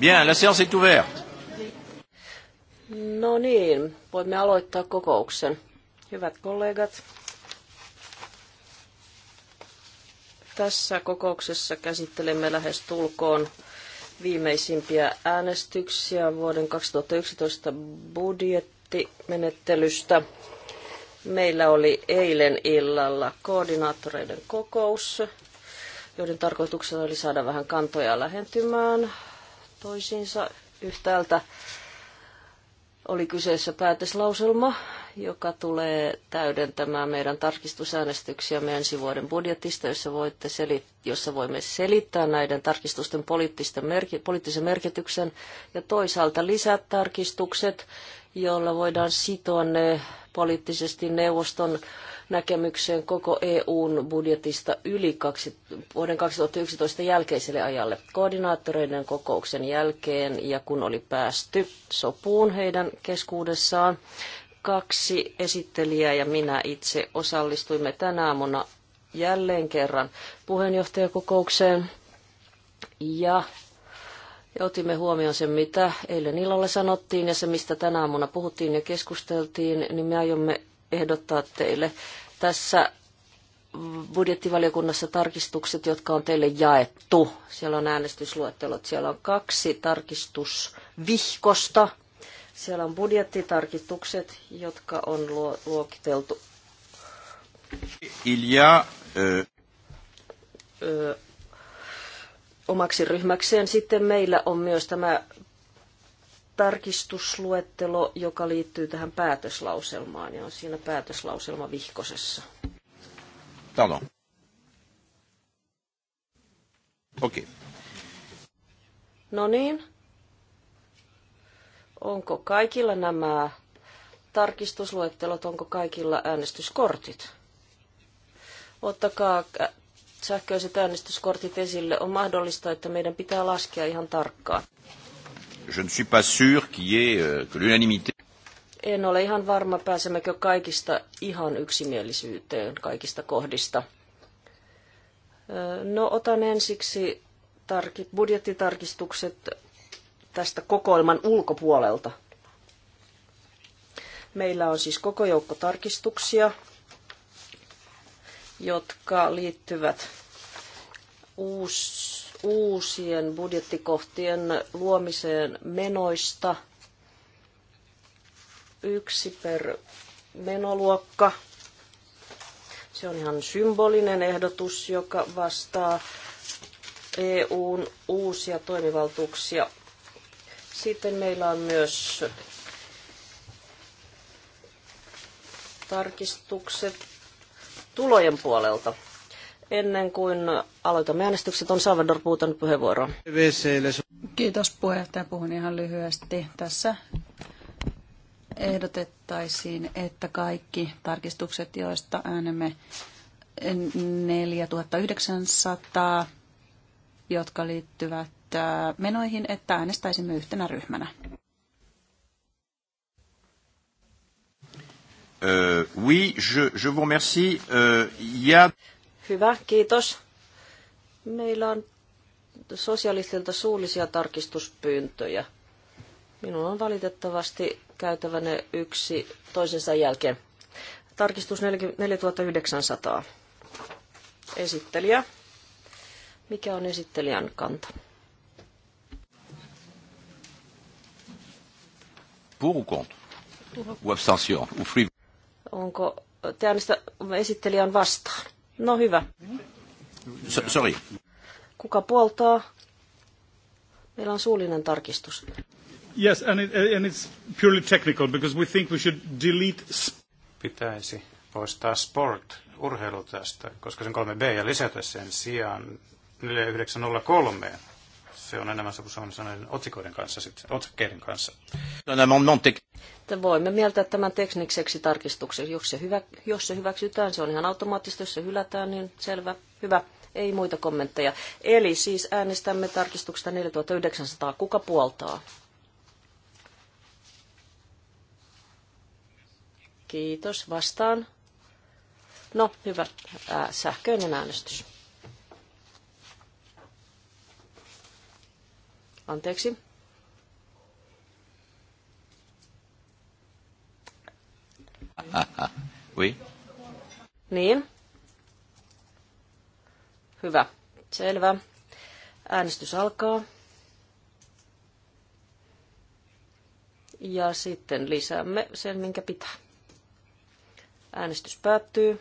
Bien, la séance est ouverte. No niin, voimme aloittaa kokouksen. Hyvät kollegat, tässä kokouksessa käsittelemme lähes tulkoon viimeisimpiä äänestyksiä vuoden 2011 budjettimenettelystä. Meillä oli eilen illalla koordinaattoreiden kokous, joiden tarkoituksena oli saada vähän kantoja lähentymään toisiinsa yhtäältä. Oli kyseessä päätöslauselma, joka tulee täydentämään meidän tarkistusäänestyksiämme ensi vuoden budjetista, jossa, voitte selit- jossa voimme selittää näiden tarkistusten poliittisten merki- poliittisen merkityksen ja toisaalta lisätarkistukset, joilla voidaan sitoa ne poliittisesti neuvoston näkemykseen koko EUn budjetista yli kaksi, vuoden 2011 jälkeiselle ajalle. Koordinaattoreiden kokouksen jälkeen ja kun oli päästy sopuun heidän keskuudessaan, kaksi esittelijää ja minä itse osallistuimme tänä aamuna jälleen kerran puheenjohtajakokoukseen ja ja otimme huomioon sen, mitä eilen illalla sanottiin ja se, mistä tänä aamuna puhuttiin ja keskusteltiin, niin me aiomme ehdottaa teille. Tässä budjettivaliokunnassa tarkistukset, jotka on teille jaettu. Siellä on äänestysluettelot. Siellä on kaksi tarkistusvihkosta. Siellä on budjettitarkistukset, jotka on luokiteltu. Ilja euh, ö, omaksi ryhmäkseen. Sitten meillä on myös tämä tarkistusluettelo, joka liittyy tähän päätöslauselmaan ja on siinä päätöslauselma vihkosessa. Talo. Okei. Okay. No niin. Onko kaikilla nämä tarkistusluettelot, onko kaikilla äänestyskortit? Ottakaa äh, sähköiset äänestyskortit esille. On mahdollista, että meidän pitää laskea ihan tarkkaan je ne suis pas sûr qu'il y ait euh, que l'unanimité. En ole ihan varma, pääsemmekö kaikista ihan yksimielisyyteen kaikista kohdista. No otan ensiksi tarki, budjettitarkistukset tästä kokoelman ulkopuolelta. Meillä on siis koko joukko tarkistuksia, jotka liittyvät uusi uusien budjettikohtien luomiseen menoista. Yksi per menoluokka. Se on ihan symbolinen ehdotus, joka vastaa EUn uusia toimivaltuuksia. Sitten meillä on myös tarkistukset tulojen puolelta. Ennen kuin aloitamme äänestykset, on Salvador Puuton puheenvuoro. Kiitos puheenjohtaja. Puhun ihan lyhyesti. Tässä ehdotettaisiin, että kaikki tarkistukset, joista äänemme 4900, jotka liittyvät äh, menoihin, että äänestäisimme yhtenä ryhmänä. Uh, oui, je, je vous remercie. Uh, y a... Hyvä, kiitos. Meillä on sosialistilta suullisia tarkistuspyyntöjä. Minun on valitettavasti käytävänä yksi toisensa jälkeen. Tarkistus 4900. Esittelijä. Mikä on esittelijän kanta? Pour ou contre? Ou abstention? Ou free? Onko te äänestä esittelijän vastaan? No hyvä. Sorry. Kuka puoltaa? Meillä on suullinen tarkistus. Yes, and, it, and it's purely technical, because we think we should delete... Pitäisi poistaa sport, urheilu tästä, koska sen 3B, ja lisätä sen sijaan 4903 se on enemmän sopusoinnissa näiden otsikoiden kanssa, sit, otsikkeiden kanssa. on Voimme mieltää tämän tekniseksi tarkistukseksi. Jos se, hyvä, jos se hyväksytään, se on ihan automaattista. Jos se hylätään, niin selvä, hyvä. Ei muita kommentteja. Eli siis äänestämme tarkistuksesta 4900. Kuka puoltaa? Kiitos. Vastaan. No, hyvä. Ää, sähköinen äänestys. Anteeksi. Oui. Niin. Hyvä. Selvä. Äänestys alkaa. Ja sitten lisäämme sen, minkä pitää. Äänestys päättyy.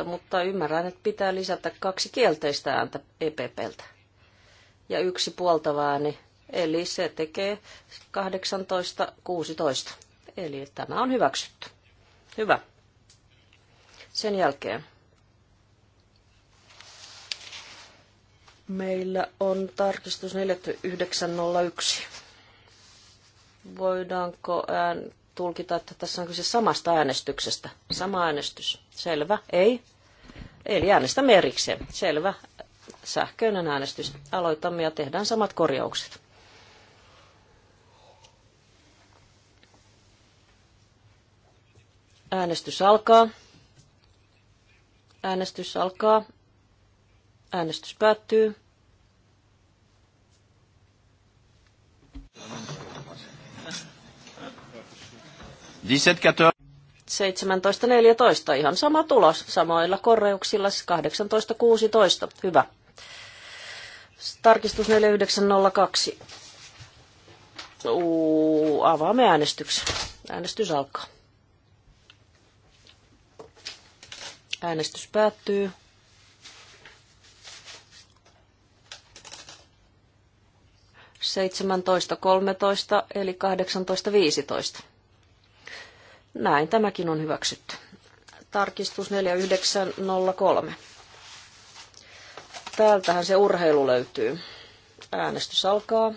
17.14, mutta ymmärrän, että pitää lisätä kaksi kielteistä ääntä EPPltä ja yksi puoltava ääni, eli se tekee 18.16. Eli tämä on hyväksytty. Hyvä. Sen jälkeen meillä on tarkistus 4901. Voidaanko ään tulkita, että tässä on kyse samasta äänestyksestä. Sama äänestys. Selvä. Ei. Eli äänestämme erikseen. Selvä. Sähköinen äänestys. Aloitamme ja tehdään samat korjaukset. Äänestys alkaa. Äänestys alkaa. Äänestys päättyy. 17.14, ihan sama tulos, samoilla korreuksilla 18.16, siis hyvä. Tarkistus 4902. Uu, avaamme äänestyksen. Äänestys alkaa. Äänestys päättyy. Seitsemäntoista kolmetoista eli kahdeksantoista viisitoista. Näin tämäkin on hyväksytty. Tarkistus 4903. Täältähän se urheilu löytyy. Äänestys alkaa.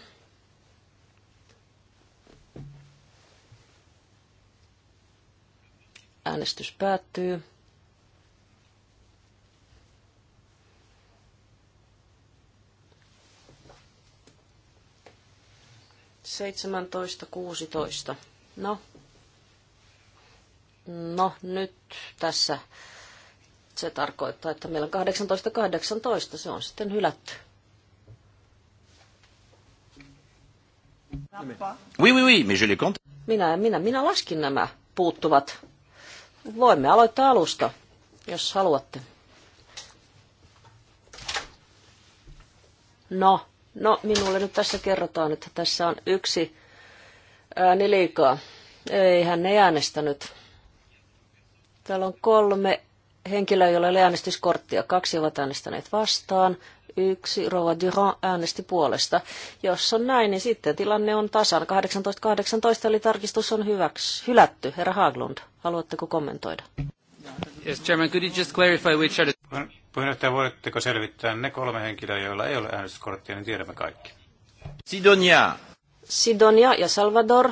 Äänestys päättyy. Seitsemäntoista kuusitoista. No, No nyt tässä se tarkoittaa, että meillä on 1818, Se on sitten hylätty. Oui, oui, oui, mais je les compte. Minä, minä, minä laskin nämä puuttuvat. Voimme aloittaa alusta, jos haluatte. No, no minulle nyt tässä kerrotaan, että tässä on yksi ääni niin liikaa. Eihän ne äänestänyt. Täällä on kolme henkilöä, joilla oli äänestyskorttia. Kaksi ovat äänestäneet vastaan. Yksi, Rova Durand, äänesti puolesta. Jos on näin, niin sitten tilanne on tasan. 18.18, 18, eli tarkistus on hyväks, hylätty. Herra Haglund, haluatteko kommentoida? Yes, Chairman, could you just clarify which are the... Puheenjohtaja, voitteko selvittää ne kolme henkilöä, joilla ei ole äänestyskorttia, niin tiedämme kaikki. Sidonia. Sidonia ja Salvador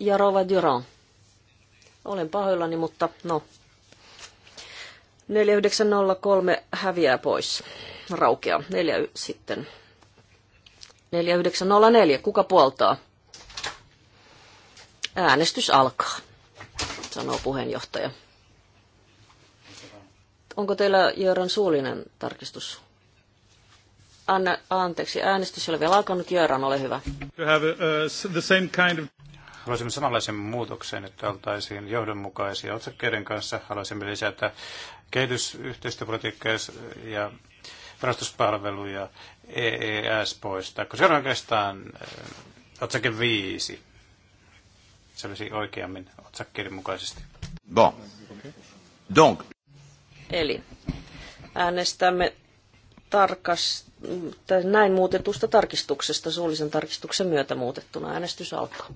ja Rova Durand. Olen pahoillani, mutta no. 4903 häviää pois. Raukea. 4 sitten. 4904. Kuka puoltaa? Äänestys alkaa, sanoo puheenjohtaja. Onko teillä Jöran suullinen tarkistus? Anna, anteeksi, äänestys ei ole vielä alkanut. Jöran, ole hyvä. You have, uh, the same kind of... Haluaisimme samanlaisen muutoksen, että oltaisiin johdonmukaisia otsakkeiden kanssa. Haluaisimme lisätä kehitysyhteistyöpolitiikkaa ja varastuspalveluja EES poistaa, kun se on oikeastaan eh, otsake viisi, Se olisi oikeammin otsakkeiden mukaisesti. Bon. Donc. Eli äänestämme tarkas, näin muutetusta tarkistuksesta suullisen tarkistuksen myötä muutettuna. Äänestys alkaa.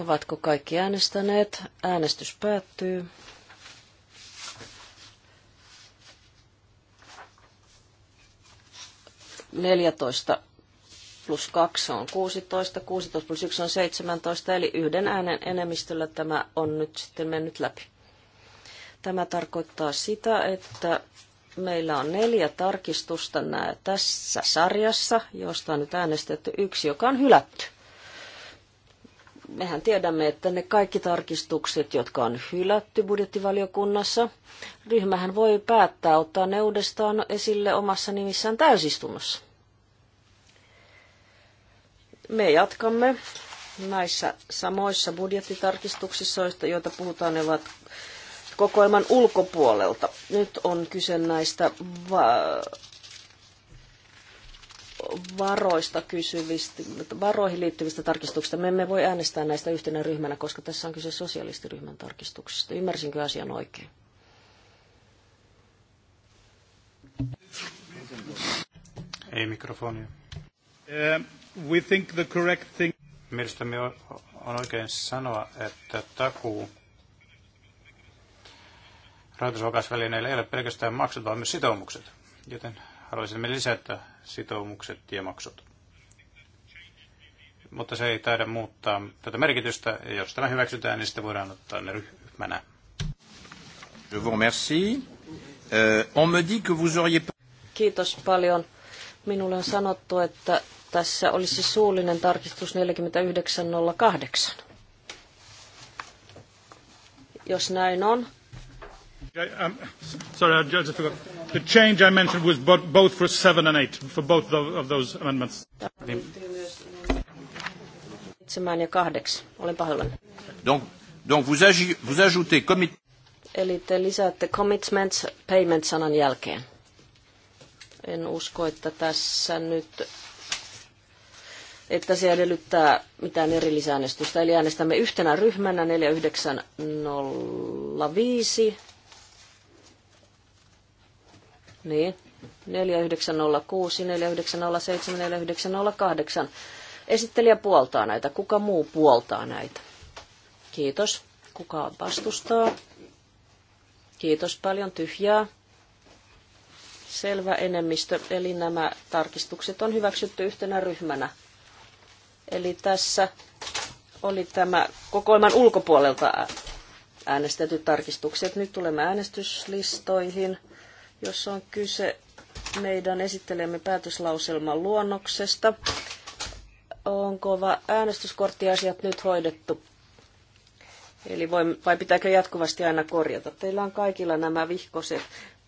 Ovatko kaikki äänestäneet? Äänestys päättyy. Neljätoista plus 2 on 16, 16 plus 1 on 17, eli yhden äänen enemmistöllä tämä on nyt sitten mennyt läpi. Tämä tarkoittaa sitä, että meillä on neljä tarkistusta tässä sarjassa, josta on nyt äänestetty yksi, joka on hylätty mehän tiedämme, että ne kaikki tarkistukset, jotka on hylätty budjettivaliokunnassa, ryhmähän voi päättää ottaa ne uudestaan esille omassa nimissään täysistunnossa. Me jatkamme näissä samoissa budjettitarkistuksissa, joita puhutaan, ne ovat kokoelman ulkopuolelta. Nyt on kyse näistä va- varoista kysyvistä, varoihin liittyvistä tarkistuksista. Me emme voi äänestää näistä yhtenä ryhmänä, koska tässä on kyse sosialistiryhmän tarkistuksista. Ymmärsinkö asian oikein? Ei mikrofonia. Uh, we think the correct thing... Mielestäni on oikein sanoa, että takuu rahoitusvakausvälineillä ei ole pelkästään maksut, vaan myös sitoumukset. Joten haluaisimme lisätä sitoumukset ja maksut. Mutta se ei taida muuttaa tätä merkitystä. Jos tämä hyväksytään, niin sitten voidaan ottaa ne ryhmänä. Je vous remercie. Euh, on me dit que vous auriez... Kiitos paljon. Minulle on sanottu, että tässä olisi suullinen tarkistus 4908. Jos näin on. I, um, sorry, I just forgot. The change I mentioned was both for seven and eight, for both of those amendments. Niin. Donc, donc vous, agi, vous ajoutez commit... Eli te lisäätte commitments payment-sanan jälkeen. En usko, että tässä nyt että se edellyttää mitään erillisäänestystä. Eli äänestämme yhtenä ryhmänä 4905 niin. 4906, 4907, 4908. Esittelijä puoltaa näitä. Kuka muu puoltaa näitä? Kiitos. Kuka vastustaa? Kiitos paljon. Tyhjää. Selvä enemmistö. Eli nämä tarkistukset on hyväksytty yhtenä ryhmänä. Eli tässä oli tämä kokoelman ulkopuolelta äänestetyt tarkistukset. Nyt tulemme äänestyslistoihin jossa on kyse meidän esittelemme päätöslauselman luonnoksesta. Onko äänestyskorttiasiat nyt hoidettu? Eli voi, vai pitääkö jatkuvasti aina korjata? Teillä on kaikilla nämä vihkoset.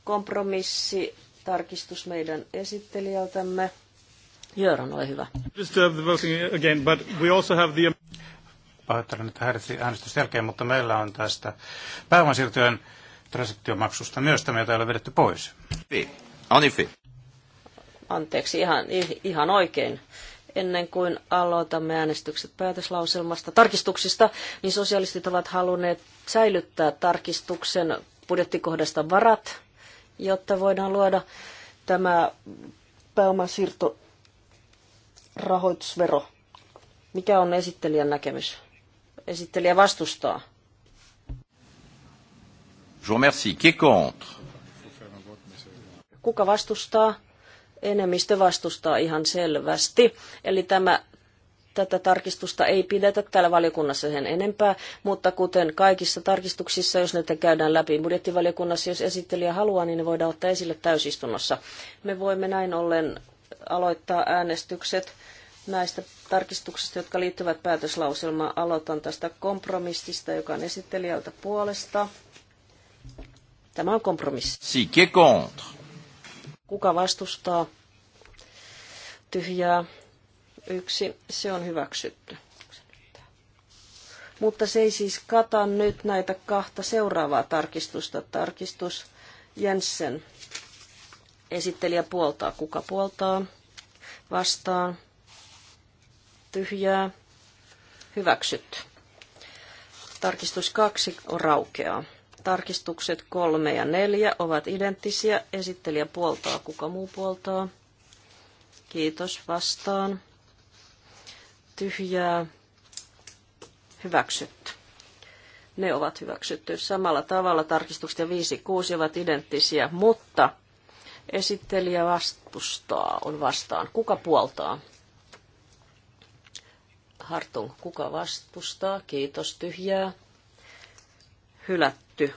Kompromissi, tarkistus meidän esittelijältämme. Jöran, ole hyvä. Uh, Pahoittelen, että häiritsi äänestys jälkeen, mutta meillä on tästä pääomansiirtojen transaktiomaksusta myös tämä, jota ei ole vedetty pois. Niin, Anteeksi, ihan, ihan oikein. Ennen kuin aloitamme äänestykset päätöslauselmasta tarkistuksista, niin sosialistit ovat halunneet säilyttää tarkistuksen budjettikohdasta varat, jotta voidaan luoda tämä pääomasiirto rahoitusvero. Mikä on esittelijän näkemys? Esittelijä vastustaa. Je vous remercie. Qui est contre? Kuka vastustaa? Enemmistö vastustaa ihan selvästi. Eli tämä tätä tarkistusta ei pidetä täällä valiokunnassa sen enempää, mutta kuten kaikissa tarkistuksissa, jos ne käydään läpi budjettivaliokunnassa, jos esittelijä haluaa, niin ne voidaan ottaa esille täysistunnossa. Me voimme näin ollen aloittaa äänestykset näistä tarkistuksista, jotka liittyvät päätöslauselmaan. Aloitan tästä kompromissista, joka on esittelijältä puolesta Tämä on kompromissi. Si, qui contre? Kuka vastustaa? Tyhjää. Yksi. Se on hyväksytty. Mutta se ei siis kata nyt näitä kahta seuraavaa tarkistusta. Tarkistus Jensen. Esittelijä puoltaa. Kuka puoltaa? Vastaan. Tyhjää. Hyväksytty. Tarkistus kaksi on raukeaa. Tarkistukset kolme ja neljä ovat identtisiä. Esittelijä puoltaa, kuka muu puoltaa. Kiitos vastaan. Tyhjää. Hyväksytty. Ne ovat hyväksytty. Samalla tavalla tarkistukset ja 5 6 ovat identtisiä, mutta esittelijä vastustaa, on vastaan. Kuka puoltaa? Hartung, kuka vastustaa? Kiitos, tyhjää hylätty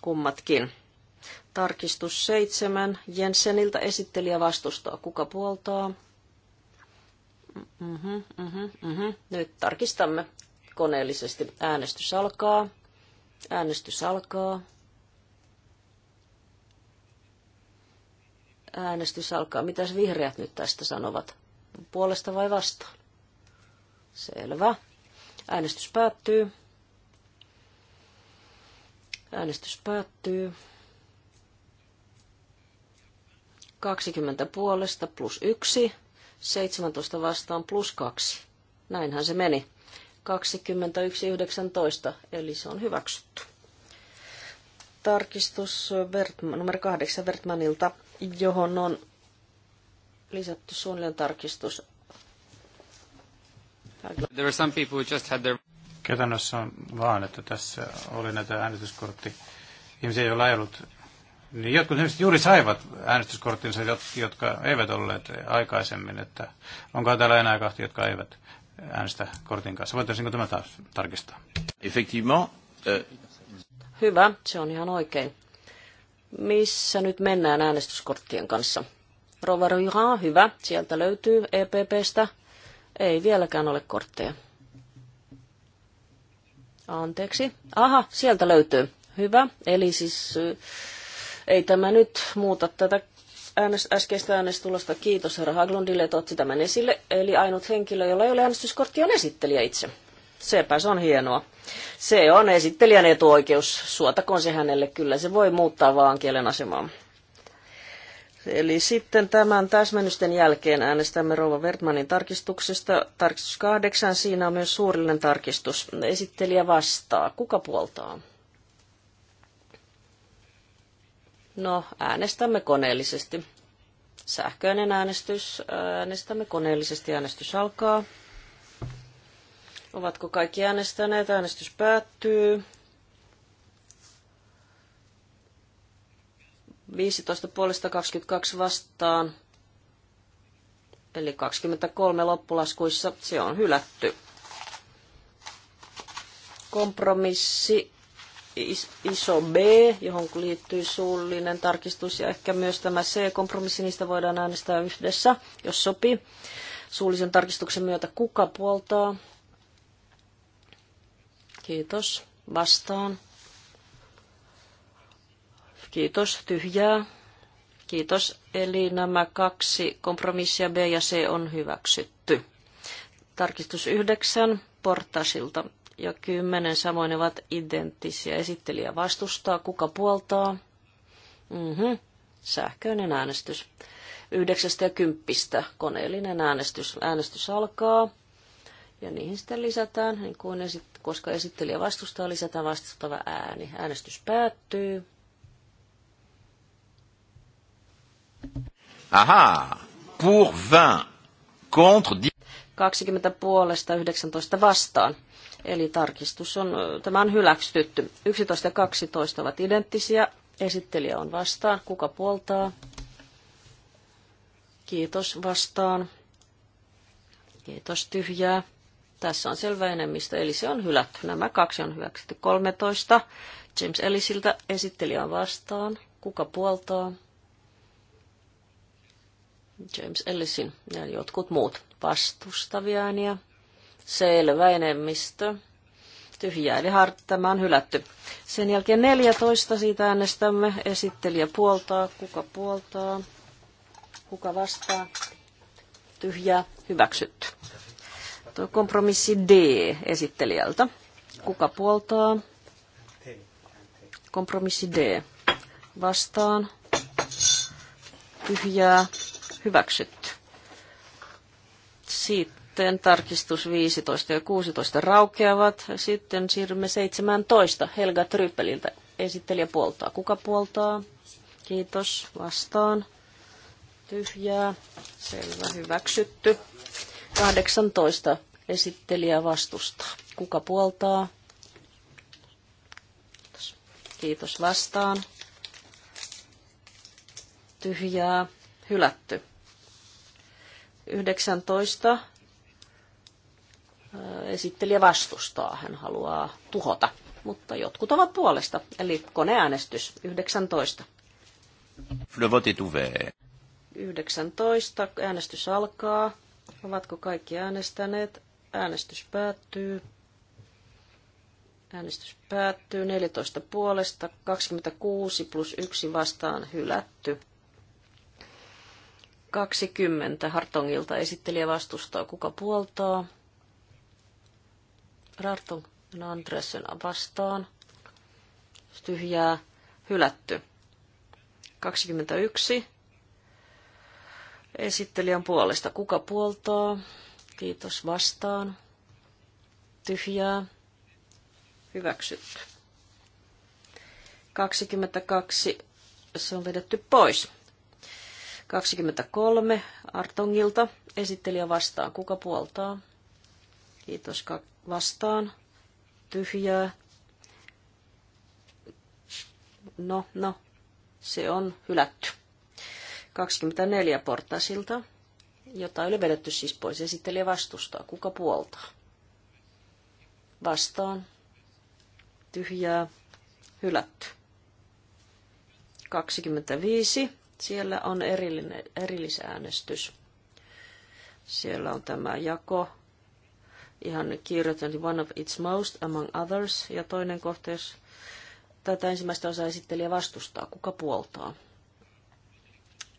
kummatkin. Tarkistus seitsemän. Jenseniltä esittelijä vastustaa. Kuka puoltaa? Mm-hmm, mm-hmm, mm-hmm. Nyt tarkistamme koneellisesti. Äänestys alkaa. Äänestys alkaa. Äänestys alkaa. Mitäs vihreät nyt tästä sanovat? Puolesta vai vastaan? Selvä. Äänestys päättyy. Äänestys päättyy. 20 puolesta plus 1, 17 vastaan plus 2. Näinhän se meni. 21.19, eli se on hyväksytty. Tarkistus Bertman, numero 8 Bertmanilta, johon on lisätty suunnilleen tarkistus. There are some people who just had their... Käytännössä on vaan, että tässä oli näitä äänestyskortti. Ihmisiä, joilla ei ollut niin jotkut ihmiset juuri saivat äänestyskorttinsa, jotka eivät olleet aikaisemmin, että onko täällä enää kahti, jotka eivät äänestä kortin kanssa. Voitaisinko tämä taas tarkistaa? Effectivement. Euh- hyvä, se on ihan oikein. Missä nyt mennään äänestyskorttien kanssa? Rovaro, hyvä, sieltä löytyy EPPstä. Ei vieläkään ole kortteja. Anteeksi. Aha, sieltä löytyy. Hyvä. Eli siis ei tämä nyt muuta tätä äskeistä äänestulosta. Kiitos herra Haglundille, että otti tämän esille. Eli ainut henkilö, jolla ei ole äänestyskorttia, on esittelijä itse. Sepä se on hienoa. Se on esittelijän etuoikeus. Suotakoon se hänelle kyllä. Se voi muuttaa vaan kielen asemaa. Eli sitten tämän täsmennysten jälkeen äänestämme Rova Wertmanin tarkistuksesta. Tarkistus kahdeksan, siinä on myös suurillinen tarkistus. Esittelijä vastaa. Kuka puoltaa? No, äänestämme koneellisesti. Sähköinen äänestys. Äänestämme koneellisesti. Äänestys alkaa. Ovatko kaikki äänestäneet? Äänestys päättyy. 15 puolesta 22 vastaan, eli 23 loppulaskuissa se on hylätty. Kompromissi iso B, johon liittyy suullinen tarkistus ja ehkä myös tämä C-kompromissi, niistä voidaan äänestää yhdessä, jos sopii. Suullisen tarkistuksen myötä kuka puoltaa? Kiitos. Vastaan. Kiitos. Tyhjää. Kiitos. Eli nämä kaksi kompromissia B ja C on hyväksytty. Tarkistus 9 portasilta ja 10 samoin ne ovat identtisiä. Esittelijä vastustaa. Kuka puoltaa? Mm-hmm. Sähköinen äänestys. Yhdeksästä ja kymppistä koneellinen äänestys. Äänestys alkaa ja niihin sitten lisätään, niin kuin esit- koska esittelijä vastustaa, lisätään vastustava ääni. Äänestys päättyy. Ah, pour 20, contre 10. 20 puolesta 19 vastaan. Eli tarkistus on, tämä on hyläksytty. 11 ja 12 ovat identtisiä. Esittelijä on vastaan. Kuka puoltaa? Kiitos vastaan. Kiitos tyhjää. Tässä on selvä enemmistö, eli se on hylätty. Nämä kaksi on hyväksytty. 13. James Ellisiltä esittelijä on vastaan. Kuka puoltaa? James Ellisin ja jotkut muut vastustavia ääniä. Selvä enemmistö. Tyhjää, eli tämä on hylätty. Sen jälkeen 14 siitä äänestämme. Esittelijä puoltaa, kuka puoltaa, kuka vastaa. Tyhjää, hyväksytty. Tuo kompromissi D esittelijältä. Kuka puoltaa? Kompromissi D. Vastaan. Tyhjää, hyväksytty. Sitten tarkistus 15 ja 16 raukeavat. Sitten siirrymme 17 Helga Tryppeliltä. Esittelijä puoltaa. Kuka puoltaa? Kiitos. Vastaan. Tyhjää. Selvä. Hyväksytty. 18 esittelijä vastustaa. Kuka puoltaa? Kiitos. vastaan. Tyhjää. Hylätty. 19 esittelijä vastustaa, hän haluaa tuhota, mutta jotkut ovat puolesta, eli koneäänestys 19. Le vote est ouvert. 19. Äänestys alkaa. Ovatko kaikki äänestäneet? Äänestys päättyy. Äänestys päättyy 14 puolesta, 26 plus 1 vastaan hylätty. 20 Hartongilta esittelijä vastustaa. Kuka puoltaa? Hartong Andressen vastaan. Tyhjää. Hylätty. 21. Esittelijän puolesta. Kuka puoltaa? Kiitos vastaan. Tyhjää. Hyväksytty. 22. Se on vedetty pois. 23 Artongilta. Esittelijä vastaan. Kuka puoltaa? Kiitos vastaan. Tyhjää. No, no, se on hylätty. 24 portasilta, jota ei ole vedetty siis pois. Esittelijä vastustaa. Kuka puoltaa? Vastaan. Tyhjää. Hylätty. 25 siellä on erillinen, erillisäänestys. Siellä on tämä jako, ihan kirjoitan, niin One of its most among others, ja toinen kohta, jos tätä ensimmäistä osaa esittelijä vastustaa, kuka puoltaa.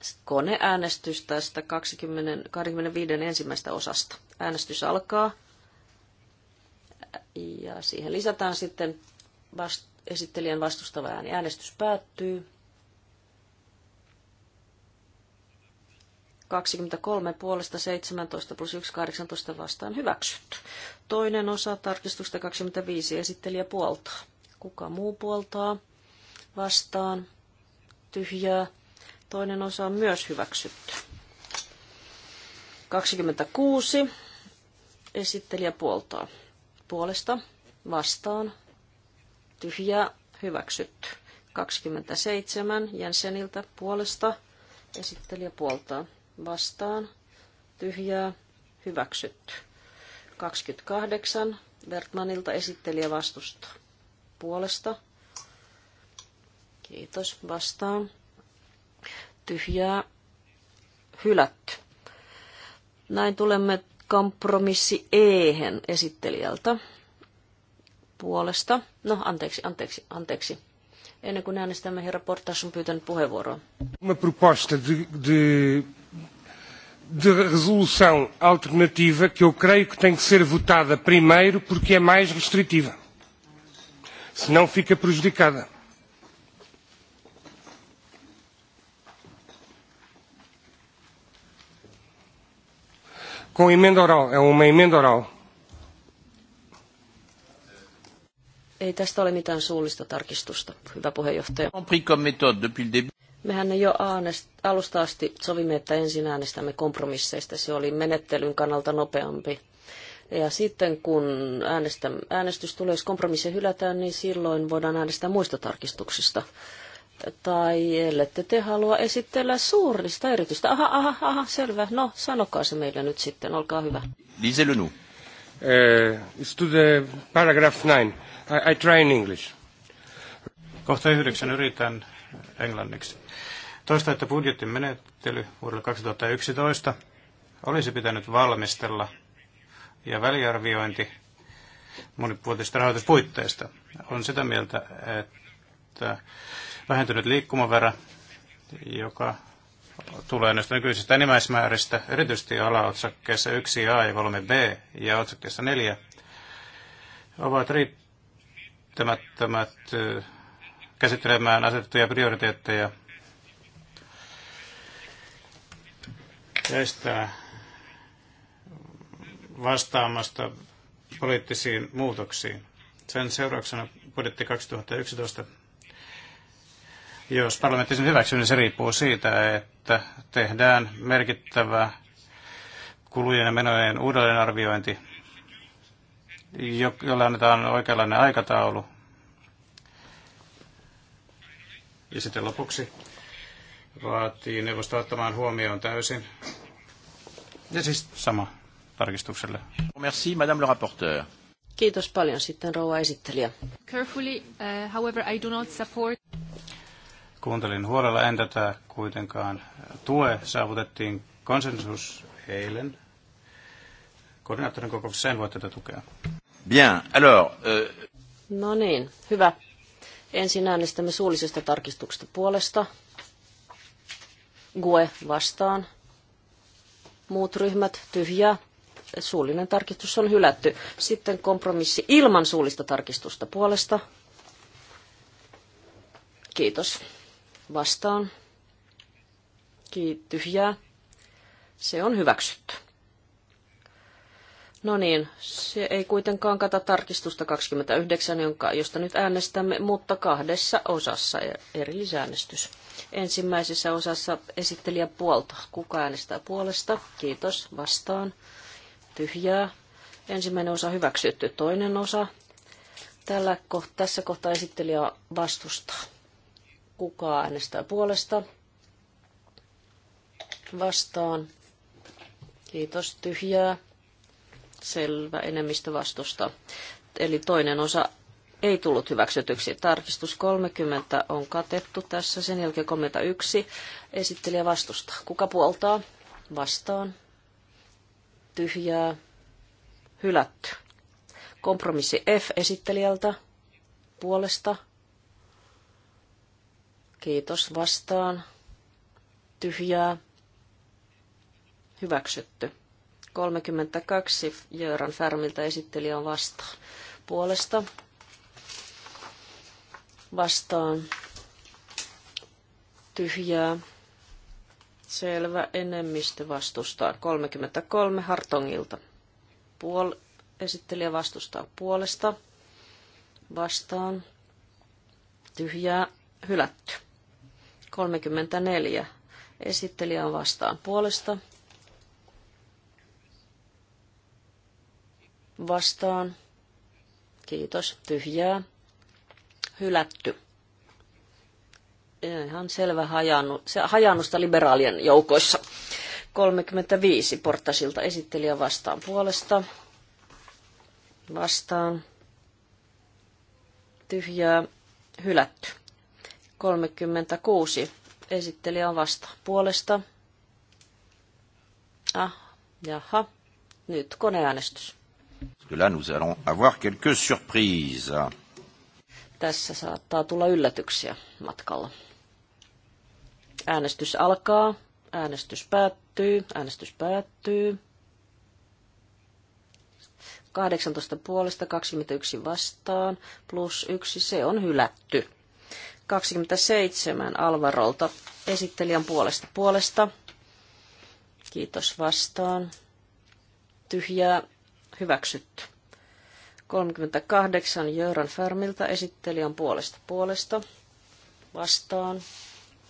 Sitten koneäänestys tästä 20, 25 ensimmäistä osasta. Äänestys alkaa ja siihen lisätään sitten vast, esittelijän vastustava ääni. Äänestys päättyy. 23 puolesta 17 plus 1 18 vastaan hyväksytty. Toinen osa tarkistusta 25 esittelijä puoltaa. Kuka muu puoltaa? Vastaan. Tyhjää. Toinen osa on myös hyväksytty. 26 esittelijä puoltaa. Puolesta vastaan. Tyhjää hyväksytty. 27 Jenseniltä puolesta esittelijä puoltaa vastaan, tyhjää, hyväksytty. 28 Bertmanilta esittelijä vastustaa. Puolesta. Kiitos. Vastaan. Tyhjää. Hylätty. Näin tulemme kompromissi E-hen esittelijältä. Puolesta. No, anteeksi, anteeksi, anteeksi. Ennen kuin äänestämme, herra Portas on pyytänyt puheenvuoroa. me proposta de, de de resolução alternativa que eu creio que tem que ser votada primeiro porque é mais restritiva. Senão fica prejudicada. Com emenda oral. É uma emenda oral. Ei tästä ole mitään suullista tarkistusta, hyvä puheenjohtaja. Mehän jo alusta asti sovimme, että ensin äänestämme kompromisseista. Se oli menettelyn kannalta nopeampi. Ja sitten kun äänestä, äänestys tulee, jos kompromissi hylätään, niin silloin voidaan äänestää muista tarkistuksista. Tai ellette te halua esitellä suurista erityistä. Aha, aha, aha, selvä. No, sanokaa se meille nyt sitten. Olkaa hyvä. Lisez le Uh, it's to the paragraph 9. I, I try in English. Kohta yhdeksän yritän englanniksi. Toista, että budjetin menettely vuodelle 2011 olisi pitänyt valmistella ja väliarviointi monipuolisista rahoituspuitteista. On sitä mieltä, että vähentynyt liikkumavara, joka tulee näistä nykyisistä enimmäismääristä, erityisesti alaotsakkeessa 1a ja 3b ja otsakkeessa 4, ovat riittämättömät käsittelemään asetettuja prioriteetteja ja vastaamasta poliittisiin muutoksiin. Sen seurauksena budjetti 2011, jos parlamentti sen hyväksyy, niin se riippuu siitä, että tehdään merkittävä kulujen ja menojen uudelleenarviointi, jolle annetaan oikeanlainen aikataulu Ja sitten lopuksi vaatii neuvosto ottamaan huomioon täysin. Ja siis sama tarkistukselle. Merci, madame le rapporteur. Kiitos paljon sitten rouva esittelijä. Carefully, uh, however, I do not support... Kuuntelin huolella, en tätä kuitenkaan tue. Saavutettiin konsensus eilen. Koordinaattorin kokouksessa en voi tätä tukea. Bien, alors... Uh... No niin, hyvä. Ensin äänestämme suullisesta tarkistuksesta puolesta. GUE vastaan. Muut ryhmät tyhjää. Suullinen tarkistus on hylätty. Sitten kompromissi ilman suullista tarkistusta puolesta. Kiitos. Vastaan. Kiit tyhjää. Se on hyväksytty. No niin, se ei kuitenkaan kata tarkistusta 29, jonka, josta nyt äänestämme, mutta kahdessa osassa e- erillisäänestys. Ensimmäisessä osassa esittelijä puolta. Kuka äänestää puolesta? Kiitos. Vastaan. Tyhjää. Ensimmäinen osa hyväksytty. Toinen osa. Tällä, tässä kohtaa esittelijä vastustaa. Kuka äänestää puolesta? Vastaan. Kiitos. Tyhjää selvä enemmistö vastusta. Eli toinen osa ei tullut hyväksytyksi. Tarkistus 30 on katettu tässä, sen jälkeen 1. esittelijä vastustaa. Kuka puoltaa? Vastaan. Tyhjää. Hylätty. Kompromissi F esittelijältä puolesta. Kiitos vastaan. Tyhjää. Hyväksytty. 32 Jöran Färmiltä esittelijä on vastaan. Puolesta vastaan tyhjää. Selvä enemmistö vastustaa. 33 Hartongilta. Puol esittelijä vastustaa puolesta. Vastaan. Tyhjää. Hylätty. 34. Esittelijä on vastaan puolesta. vastaan. Kiitos. Tyhjää. Hylätty. Ihan selvä hajannu, se, hajannusta liberaalien joukoissa. 35 portasilta esittelijä vastaan puolesta. Vastaan. Tyhjää. Hylätty. 36 esittelijä on vasta puolesta. Ah, jaha. Nyt koneäänestys. Parce que là, nous allons avoir quelques surprises. Tässä saattaa tulla yllätyksiä matkalla. Äänestys alkaa, äänestys päättyy, äänestys päättyy. 18 puolesta 21 vastaan plus 1, se on hylätty. 27 Alvarolta esittelijän puolesta puolesta. Kiitos vastaan. Tyhjää hyväksytty. 38 Jöran Färmiltä esittelijän puolesta puolesta vastaan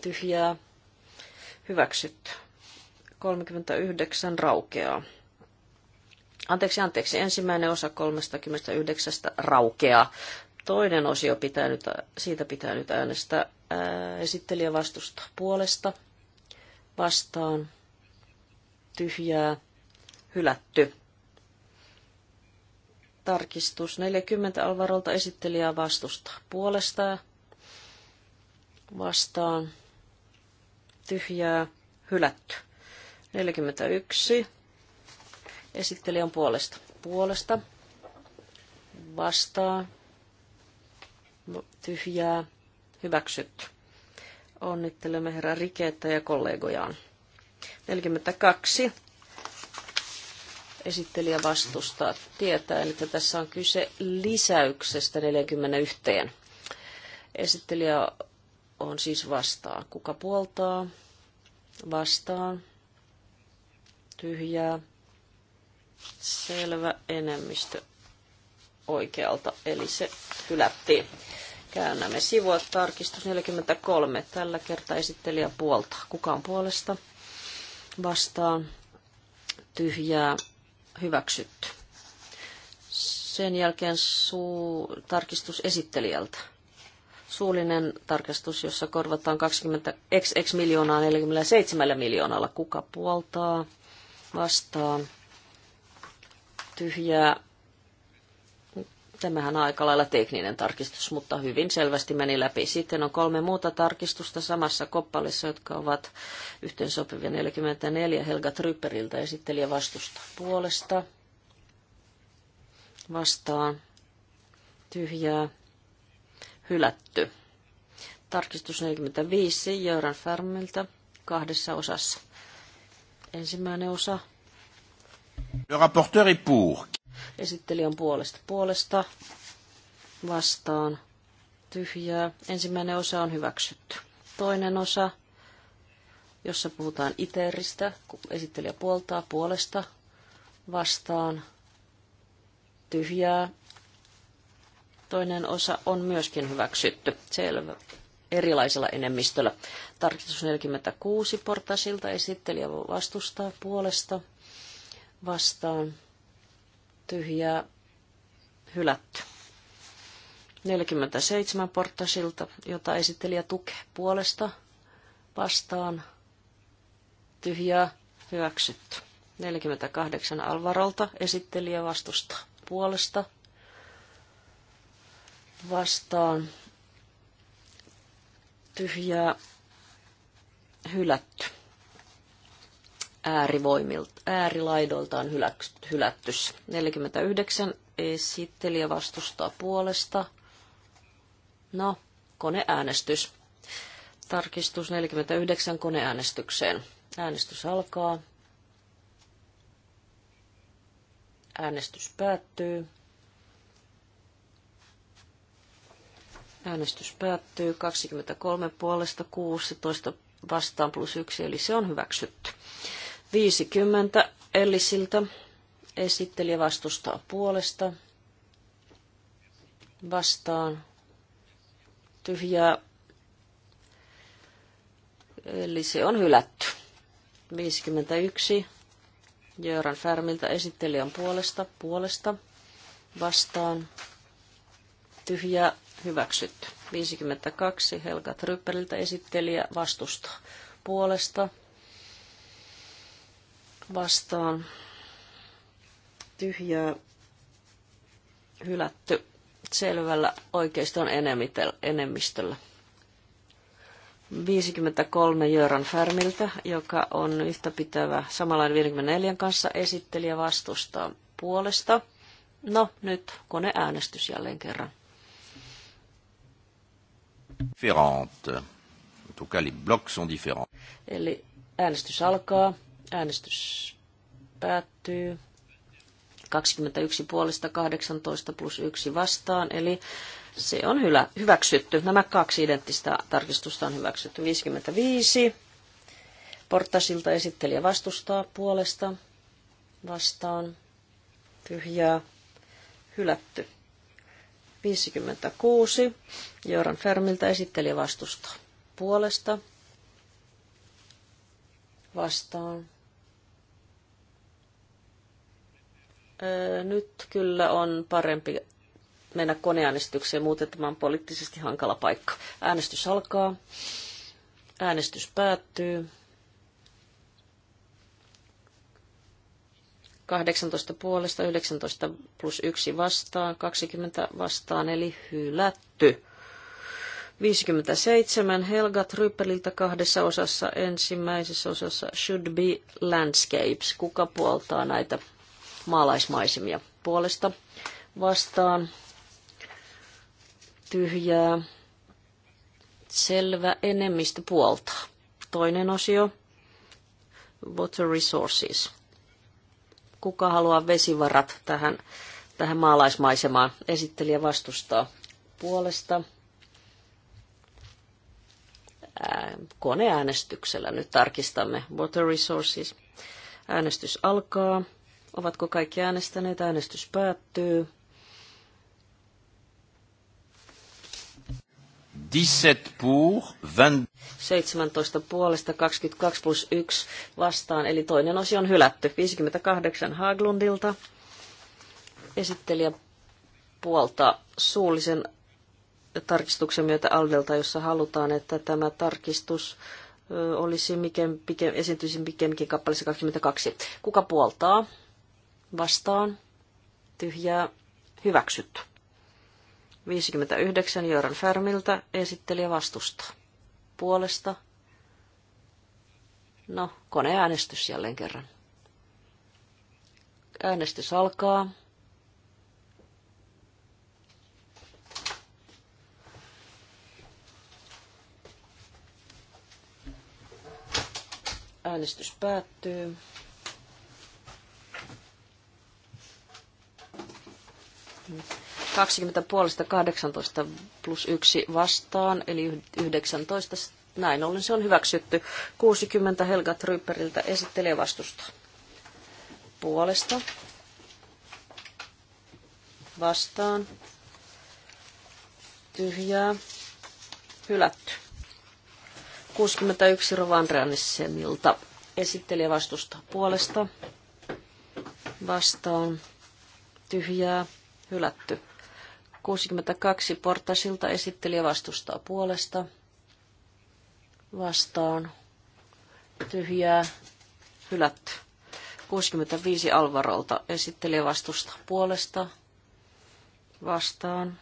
tyhjää hyväksytty. 39 raukeaa. Anteeksi, anteeksi. Ensimmäinen osa 39 raukeaa. Toinen osio pitää nyt, siitä pitää nyt äänestää esittelijä vastusta puolesta vastaan tyhjää hylätty. Tarkistus 40 Alvarolta esittelijää vastusta. Puolesta vastaan tyhjää hylätty. 41 esittelijän puolesta. Puolesta vastaan tyhjää hyväksytty. Onnittelemme herra Rikeettä ja kollegojaan. 42 esittelijä vastustaa. Tietää, että tässä on kyse lisäyksestä 41. Esittelijä on siis vastaan. Kuka puoltaa? Vastaan. Tyhjää. Selvä enemmistö oikealta, eli se hylättiin. Käännämme sivua, tarkistus 43. Tällä kertaa esittelijä puolta. Kuka on puolesta? Vastaan. Tyhjää hyväksytty. Sen jälkeen suu, tarkistus esittelijältä. Suullinen tarkistus, jossa korvataan 20 xx miljoonaa 47 miljoonalla. Kuka puoltaa? Vastaan. Tyhjää Tämähän on aika lailla tekninen tarkistus, mutta hyvin selvästi meni läpi. Sitten on kolme muuta tarkistusta samassa koppalissa, jotka ovat yhteensopivia 44 Helga Trypperiltä esittelijä vastusta puolesta. Vastaan. Tyhjää. Hylätty. Tarkistus 45 Jöran Färmiltä kahdessa osassa. Ensimmäinen osa. Le rapporteur est pour esittelijän puolesta. Puolesta vastaan tyhjää. Ensimmäinen osa on hyväksytty. Toinen osa, jossa puhutaan iteristä, esittelijä puoltaa puolesta vastaan tyhjää. Toinen osa on myöskin hyväksytty. Selvä. Erilaisella enemmistöllä. Tarkistus 46 portasilta esittelijä vastustaa puolesta vastaan tyhjää hylätty. 47 portasilta, jota esittelijä tukee puolesta vastaan tyhjää hyväksytty. 48 Alvarolta esittelijä vastustaa puolesta vastaan tyhjää hylätty äärilaidoiltaan hylätty. 49 esittelijä vastustaa puolesta. No, koneäänestys. Tarkistus 49 koneäänestykseen. Äänestys alkaa. Äänestys päättyy. Äänestys päättyy 23 puolesta 16 vastaan plus 1, eli se on hyväksytty. 50 Ellisiltä. Esittelijä vastustaa puolesta. Vastaan. Tyhjää. Eli se on hylätty. 51. Jöran Färmiltä esittelijän puolesta. Puolesta. Vastaan. Tyhjää. Hyväksytty. 52. Helga Trypperiltä esittelijä vastustaa. Puolesta vastaan tyhjää hylätty selvällä oikeiston enemmistöllä. 53 Jöran Färmiltä, joka on yhtäpitävä samanlainen 54 kanssa esittelijä vastustaa puolesta. No, nyt koneäänestys jälleen kerran. Différente. En tout cas, les blocs sont différents. Eli äänestys alkaa. Äänestys päättyy. 21 puolesta 18 plus 1 vastaan, eli se on hylä, hyväksytty. Nämä kaksi identtistä tarkistusta on hyväksytty. 55. Portasilta esittelijä vastustaa puolesta vastaan. Tyhjää. Hylätty. 56. Joran Fermiltä esittelijä vastustaa puolesta vastaan Nyt kyllä on parempi mennä koneäänestykseen, muuten tämä on poliittisesti hankala paikka. Äänestys alkaa. Äänestys päättyy. 18 puolesta, 19 plus 1 vastaan, 20 vastaan, eli hylätty. 57 Helga Tryppeliltä kahdessa osassa, ensimmäisessä osassa Should be Landscapes. Kuka puoltaa näitä maalaismaisemia puolesta vastaan. Tyhjää. Selvä enemmistö puolta. Toinen osio. Water resources. Kuka haluaa vesivarat tähän, tähän maalaismaisemaan? Esittelijä vastustaa puolesta koneäänestyksellä. Nyt tarkistamme Water Resources. Äänestys alkaa. Ovatko kaikki äänestäneet? Äänestys päättyy. 17 pour, 17 puolesta, 22 plus 1 vastaan, eli toinen osio on hylätty. 58 Haglundilta. Esittelijä puolta suullisen tarkistuksen myötä Aldelta, jossa halutaan, että tämä tarkistus olisi mikä, mikä, esiintyisi pikemminkin kappaleessa 22. Kuka puoltaa? vastaan tyhjää hyväksytty. 59 Jöran Färmiltä esittelijä vastusta Puolesta. No, koneäänestys jälleen kerran. Äänestys alkaa. Äänestys päättyy. 20 puolesta 18 plus 1 vastaan, eli 19. Näin ollen se on hyväksytty. 60 Helga Trypperiltä esittelee vastusta. Puolesta. Vastaan. Tyhjää. Hylätty. 61 Reanissemilta. esittelijä vastustaa puolesta. Vastaan. Tyhjää hylätty. 62 portasilta esittelijä vastustaa puolesta. Vastaan. Tyhjää. Hylätty. 65 Alvarolta esittelijä vastustaa puolesta. Vastaan.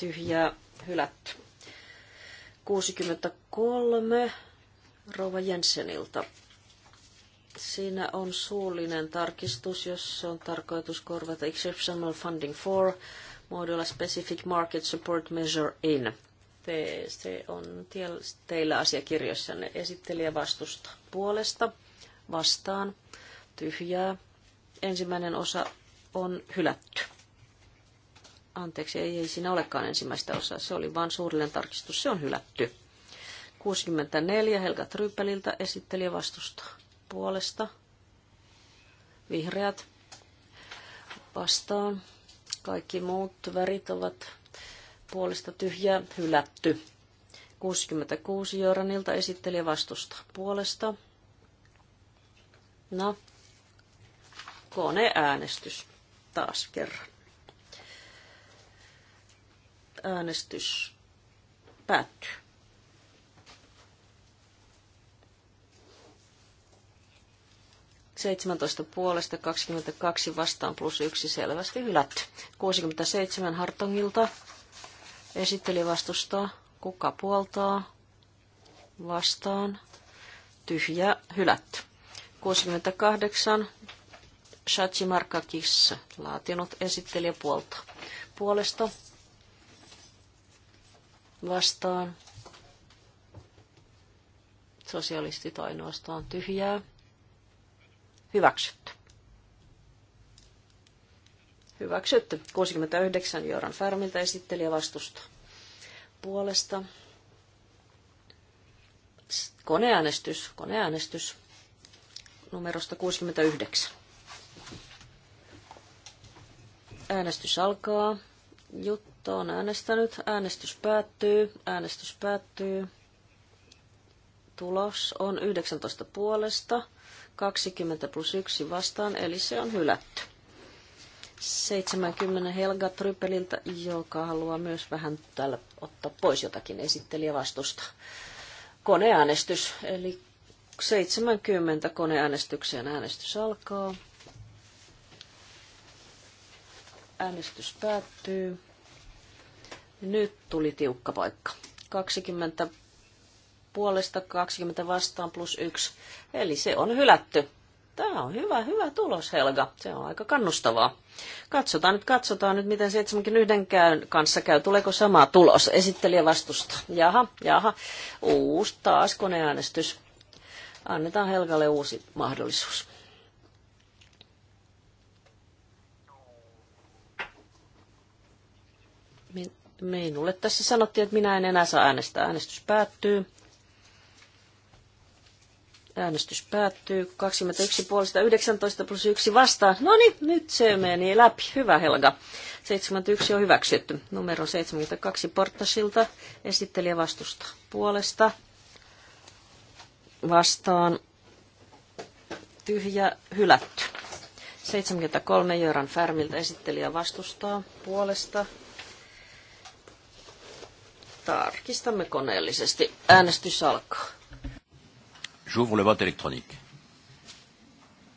Tyhjää. Hylätty. 63 Rova Jensenilta Siinä on suullinen tarkistus, jos on tarkoitus korvata Exceptional Funding for Modula Specific Market Support Measure in. se on teillä asiakirjoissanne esittelijä vastusta puolesta, vastaan, tyhjää. Ensimmäinen osa on hylätty. Anteeksi, ei, ei siinä olekaan ensimmäistä osaa, se oli vain suullinen tarkistus, se on hylätty. 64 Helga Tryppeliltä esittelijä vastustaa puolesta. Vihreät vastaan. Kaikki muut värit ovat puolesta tyhjää hylätty. 66 Joranilta esitteli vastusta puolesta. No, koneäänestys taas kerran. Äänestys päättyy. 17 puolesta, 22 vastaan plus 1 selvästi hylätty. 67 Hartongilta esitteli vastustaa. Kuka puoltaa? Vastaan. Tyhjä hylätty. 68 Shachi laatinut esittelijä puolta. Puolesta vastaan. Sosialistit ainoastaan tyhjää. Hyväksytty. Hyväksytty. 69 Joran Färmiltä esittelijä vastusta Puolesta. Koneäänestys. Koneäänestys. Numerosta 69. Äänestys alkaa. Jutta on äänestänyt. Äänestys päättyy. Äänestys päättyy. Tulos on 19 puolesta. 20 plus 1 vastaan, eli se on hylätty. 70 Helga Trypeliltä, joka haluaa myös vähän täällä ottaa pois jotakin esittelijä vastusta. Koneäänestys, eli 70 koneäänestykseen äänestys alkaa. Äänestys päättyy. Nyt tuli tiukka paikka. 20 puolesta 20 vastaan plus 1. Eli se on hylätty. Tämä on hyvä, hyvä tulos, Helga. Se on aika kannustavaa. Katsotaan nyt, katsotaan nyt, miten 71 kanssa käy. Tuleeko sama tulos? Esittelijä vastusta. Jaha, jaha. Uusi taas koneäänestys. Annetaan Helgalle uusi mahdollisuus. Minulle tässä sanottiin, että minä en enää saa äänestää. Äänestys päättyy. Äänestys päättyy 21 puolesta 19 plus 1 vastaan. No niin, nyt se meni läpi. Hyvä Helga. 71 on hyväksytty. Numero 72 Portasilta esittelijä vastusta puolesta. Vastaan tyhjä hylätty. 73 Jöran Färmiltä esittelijä vastustaa puolesta. Tarkistamme koneellisesti. Äänestys alkaa. J'ouvre le vote électronique.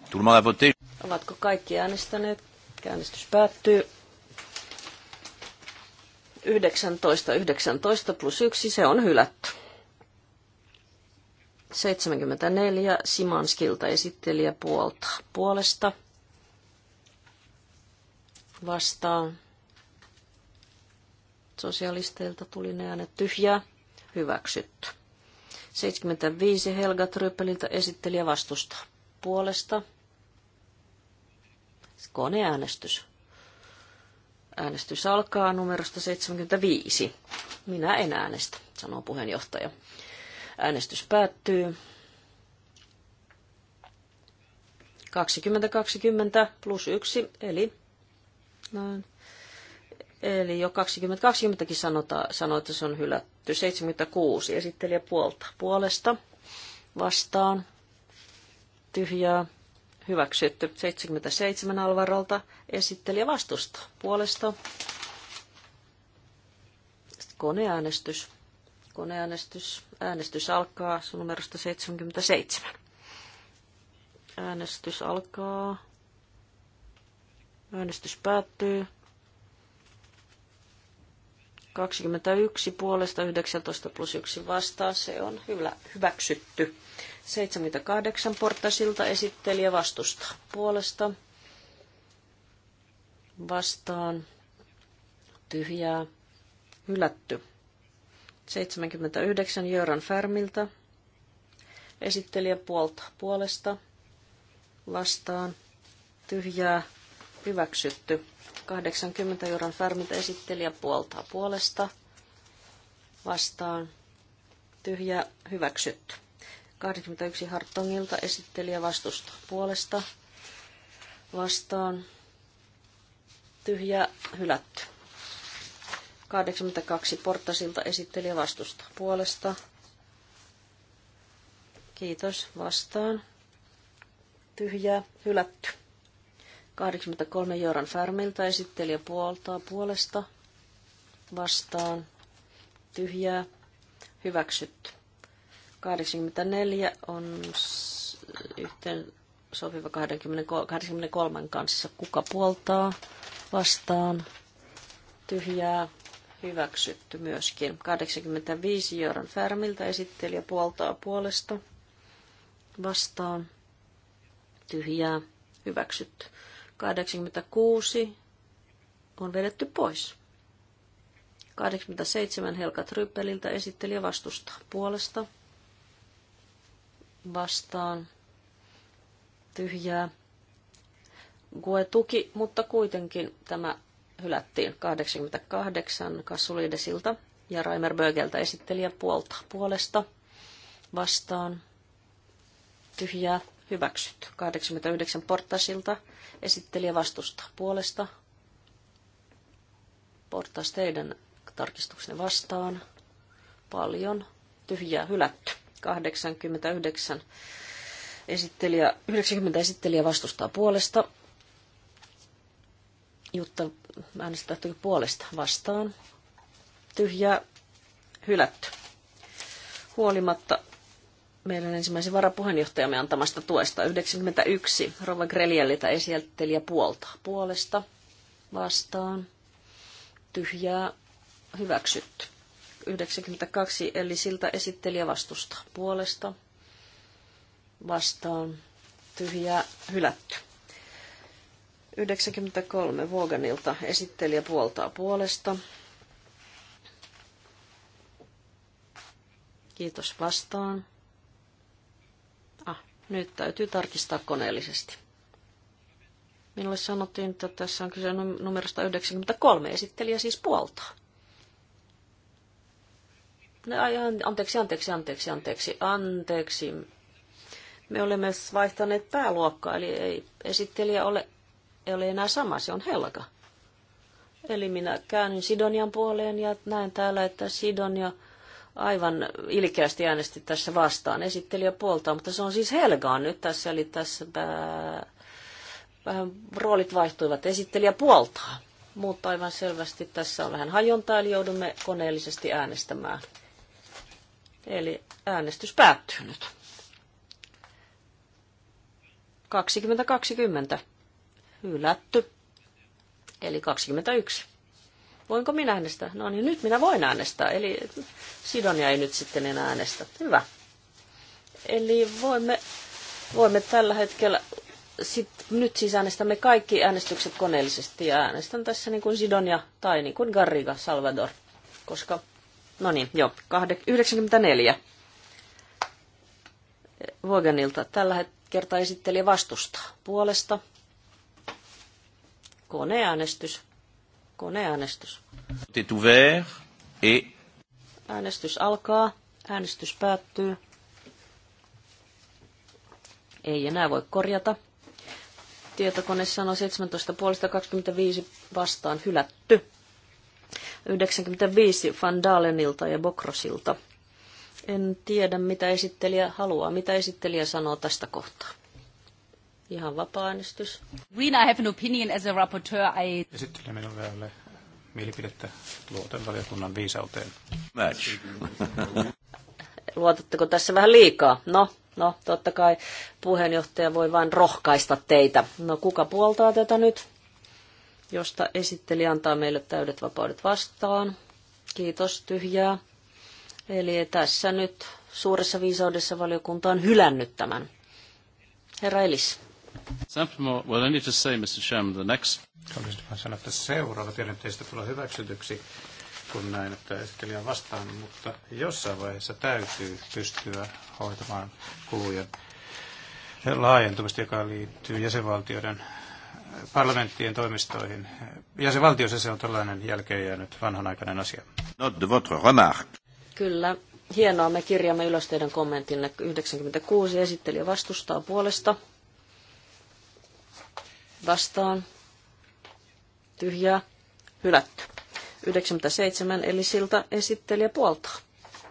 Tout le monde a voté. Ovatko kaikki äänestäneet? Äänestys päättyy. 19, 19 plus 1, se on hylätty. 74 Simanskilta esittelijä puolta. Puolesta vastaan. Sosialisteilta tuli ne äänet tyhjää. Hyväksytty. 75 Helga Tryppeliltä esittelijä vastusta Puolesta koneäänestys. Äänestys alkaa numerosta 75. Minä en äänestä, sanoo puheenjohtaja. Äänestys päättyy. 2020 plus 1, eli noin Eli jo 2020kin sanota, sanoi, että se on hylätty. 76 esittelijä puolta puolesta vastaan. Tyhjää hyväksytty. 77 Alvaralta esittelijä vastusta puolesta. Sitten koneäänestys. Koneäänestys. Äänestys alkaa numerosta 77. Äänestys alkaa. Äänestys päättyy. 21 puolesta 19 plus 1 vastaan. Se on hyvä, hyväksytty. 78 portasilta ja vastusta Puolesta vastaan tyhjää hylätty. 79 Jöran Färmiltä esittelijä puolta puolesta vastaan tyhjää hyväksytty. 80 euron Färmiltä esittelijä puoltaa puolesta vastaan tyhjä hyväksytty. 21 Hartongilta esittelijä vastustaa puolesta vastaan tyhjä hylätty. 82 Portasilta esittelijä vastustaa puolesta. Kiitos vastaan. Tyhjä hylätty. 83 Joran Färmiltä esittelijä puoltaa puolesta vastaan tyhjää hyväksytty. 84 on yhteen sopiva 83 kanssa. Kuka puoltaa vastaan tyhjää hyväksytty myöskin. 85 Joran Färmiltä esittelijä puoltaa puolesta vastaan tyhjää hyväksytty. 86 on vedetty pois. 87 helkat ryppeliltä esittelijä vastusta puolesta. Vastaan tyhjää. Gue tuki, mutta kuitenkin tämä hylättiin 88 Kassulidesilta ja Raimer Bögeltä esittelijä puolta puolesta vastaan tyhjää Hyväksytty. 89 portasilta. Esittelijä vastusta puolesta. Portas teidän tarkistuksenne vastaan. Paljon. Tyhjää hylätty. 89 esittelijä, 90 esittelijä vastustaa puolesta. Jutta äänestätkö puolesta vastaan. Tyhjää hylätty. Huolimatta meidän ensimmäisen varapuheenjohtajamme antamasta tuesta. 91. Rova Grelielitä esittelijä puolta. Puolesta vastaan. Tyhjää hyväksytty. 92. Eli siltä esittelijä vastusta. Puolesta vastaan. Tyhjää hylätty. 93. Voganilta esittelijä puoltaa puolesta. Kiitos vastaan. Nyt täytyy tarkistaa koneellisesti. Minulle sanottiin, että tässä on kyse numerosta 93. Esittelijä siis puolta. No, anteeksi, anteeksi, anteeksi, anteeksi, anteeksi. Me olemme vaihtaneet pääluokkaa, eli ei esittelijä ole, ei ole enää sama, se on Helga. Eli minä käännyn Sidonian puoleen ja näen täällä, että Sidonia aivan ilkeästi äänesti tässä vastaan esittelijä puolta, mutta se on siis Helgaan nyt tässä, eli tässä vähän roolit vaihtuivat esittelijä Puolta, Mutta aivan selvästi tässä on vähän hajontaa, eli joudumme koneellisesti äänestämään. Eli äänestys päättyy nyt. 2020. Hylätty. Eli 21. Voinko minä äänestää? No niin, nyt minä voin äänestää. Eli Sidonia ei nyt sitten enää äänestä. Hyvä. Eli voimme, voimme tällä hetkellä, sit, nyt siis äänestämme kaikki äänestykset koneellisesti ja äänestän tässä niin kuin Sidonia tai niin kuin Garriga Salvador, koska, no niin, joo, 94. Voganilta tällä kertaa esitteli vastustaa puolesta. Koneäänestys. Koneäänestys. Est Äänestys alkaa. Äänestys päättyy. Ei enää voi korjata. Tietokone sanoi 17.25 vastaan hylätty. 95 Van Dalenilta ja Bokrosilta. En tiedä, mitä esittelijä haluaa, mitä esittelijä sanoo tästä kohtaa. Ihan vapaa-äänestys. I have an opinion as a rapporteur, I... Esittelen minulle ole mielipidettä luotan valiokunnan viisauteen. Match. Luotatteko tässä vähän liikaa? No, no, totta kai puheenjohtaja voi vain rohkaista teitä. No, kuka puoltaa tätä nyt? Josta esitteli antaa meille täydet vapaudet vastaan. Kiitos, tyhjää. Eli tässä nyt suuressa viisaudessa valiokunta on hylännyt tämän. Herra Elis. Well, I need to say, Mr. Chairman, the next... Haluaisin vain sanoa, että seuraava tiedon teistä tulee hyväksytyksi, kun näin, että esittelijä vastaan, mutta jossain vaiheessa täytyy pystyä hoitamaan kulujen laajentumista, joka liittyy jäsenvaltioiden parlamenttien toimistoihin. Jäsenvaltioissa se on tällainen jälkeen jäänyt vanhanaikainen asia. Kyllä, hienoa. Me kirjaamme ylös teidän kommentinne. 96 esittelijä vastustaa puolesta vastaan, tyhjää, hylätty. 97, eli siltä esittelijä puolta.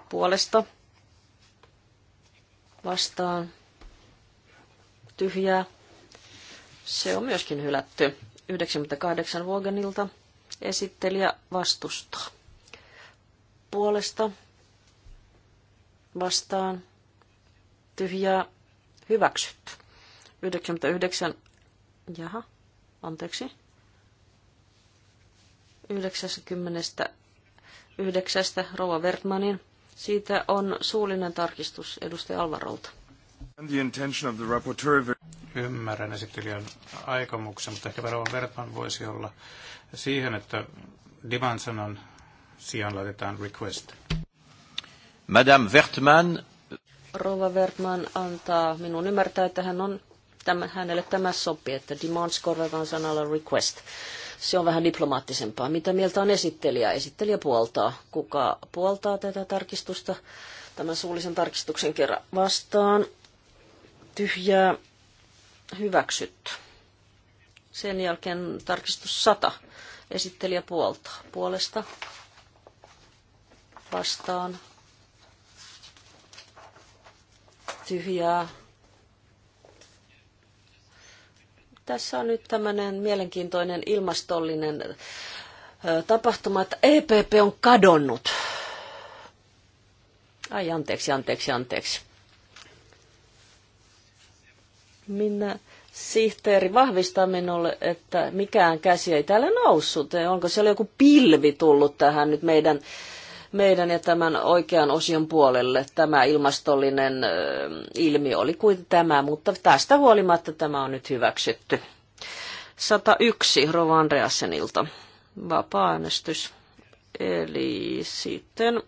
Puolesta, vastaan, tyhjää, se on myöskin hylätty. 98 Vogenilta esittelijä vastustaa. Puolesta, vastaan, tyhjää, hyväksytty. 99 Jaha, anteeksi. 99. Rova Wertmanin. Siitä on suullinen tarkistus edustaja Alvarolta. Ymmärrän esittelijän aikomuksen, mutta ehkä Rova Wertman voisi olla siihen, että divansanan sijaan laitetaan request. Madame Wertman. Rova Wertman antaa minun ymmärtää, että hän on tämä, hänelle tämä sopii, että demands korvataan sanalla request. Se on vähän diplomaattisempaa. Mitä mieltä on esittelijä? Esittelijä puoltaa. Kuka puoltaa tätä tarkistusta? Tämän suullisen tarkistuksen kerran vastaan. Tyhjää hyväksytty. Sen jälkeen tarkistus 100. Esittelijä puolta. Puolesta vastaan tyhjää Tässä on nyt tämmöinen mielenkiintoinen ilmastollinen tapahtuma, että EPP on kadonnut. Ai anteeksi, anteeksi, anteeksi. Minä sihteeri vahvistaa minulle, että mikään käsi ei täällä noussut. Onko siellä joku pilvi tullut tähän nyt meidän meidän ja tämän oikean osion puolelle. Tämä ilmastollinen ilmiö oli kuin tämä, mutta tästä huolimatta tämä on nyt hyväksytty. 101 Rova Andreasenilta. Vapaa-äänestys. Eli sitten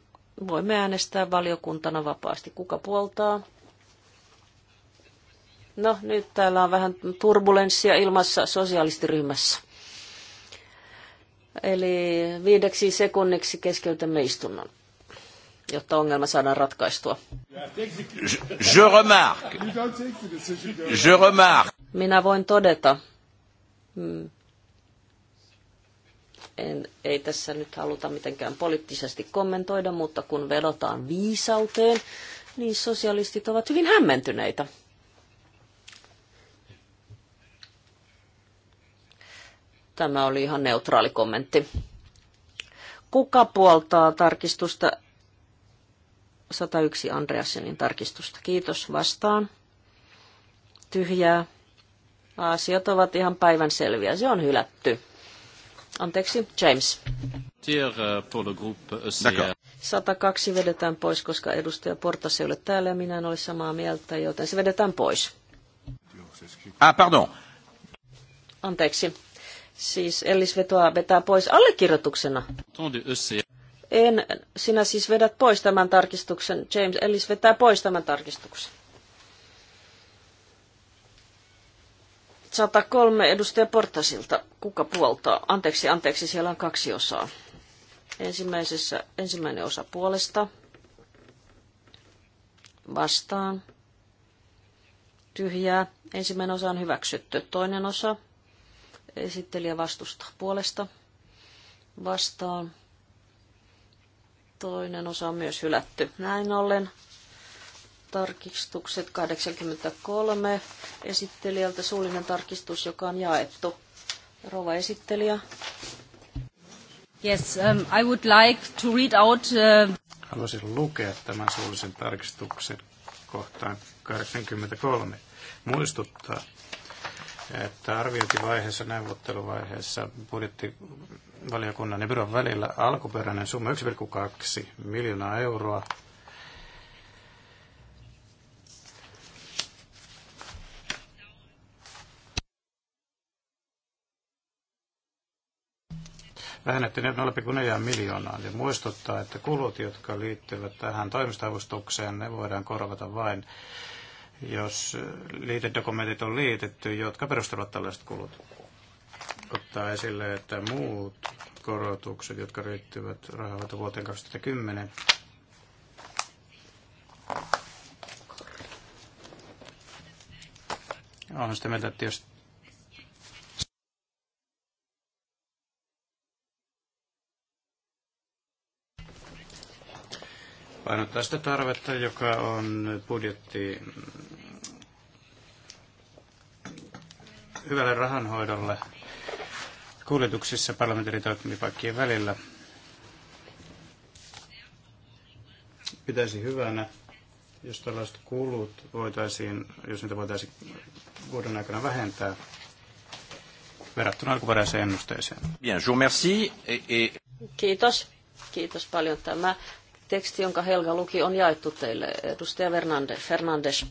voimme äänestää valiokuntana vapaasti. Kuka puoltaa? No nyt täällä on vähän turbulenssia ilmassa sosiaalistiryhmässä. Eli viideksi sekunniksi keskeytämme istunnon, jotta ongelma saadaan ratkaistua. Je remarque. Je remarque. Minä voin todeta. Mm, en, ei tässä nyt haluta mitenkään poliittisesti kommentoida, mutta kun vedotaan viisauteen, niin sosialistit ovat hyvin hämmentyneitä. Tämä oli ihan neutraali kommentti. Kuka puoltaa tarkistusta 101 Andreasenin tarkistusta? Kiitos vastaan. Tyhjää. Asiat ovat ihan päivän selviä. Se on hylätty. Anteeksi, James. 102 äh, äh, äh, vedetään pois, koska edustaja Portas ei ole täällä ja minä en ole samaa mieltä, joten se vedetään pois. Ah, pardon. Anteeksi. Siis Ellis vetoaa, vetää pois allekirjoituksena. En, sinä siis vedät pois tämän tarkistuksen. James Ellis vetää pois tämän tarkistuksen. 103 edustaja Portasilta. Kuka puoltaa? Anteeksi, anteeksi, siellä on kaksi osaa. Ensimmäisessä, ensimmäinen osa puolesta. Vastaan. Tyhjää. Ensimmäinen osa on hyväksytty. Toinen osa Esittelijä vastustaa puolesta. Vastaan. Toinen osa on myös hylätty. Näin ollen tarkistukset 83 esittelijältä suullinen tarkistus, joka on jaettu. Rova esittelijä. Yes, um, I would like to read out... Uh... Haluaisin lukea tämän suullisen tarkistuksen kohtaan 83. Muistuttaa, että arviointivaiheessa, neuvotteluvaiheessa budjettivaliokunnan ja byron välillä alkuperäinen summa 1,2 miljoonaa euroa vähennettiin 0,4 miljoonaa. ja muistuttaa, että kulut, jotka liittyvät tähän toimistoavustukseen, ne voidaan korvata vain jos liitedokumentit on liitetty, jotka perustavat tällaiset kulut. Ottaa esille, että muut korotukset, jotka riittyvät rahoilta vuoteen 2010, on sitä mieltä, että jos painottaa sitä tarvetta, joka on budjetti hyvälle rahanhoidolle kuljetuksissa parlamentin toimipaikkien välillä. Pitäisi hyvänä, jos tällaiset kulut voitaisiin, jos niitä voitaisiin vuoden aikana vähentää verrattuna alkuperäiseen ennusteeseen. Bien, je merci. Kiitos. Kiitos paljon. Tämä teksti, jonka Helga luki, on jaettu teille. Edustaja Fernandes.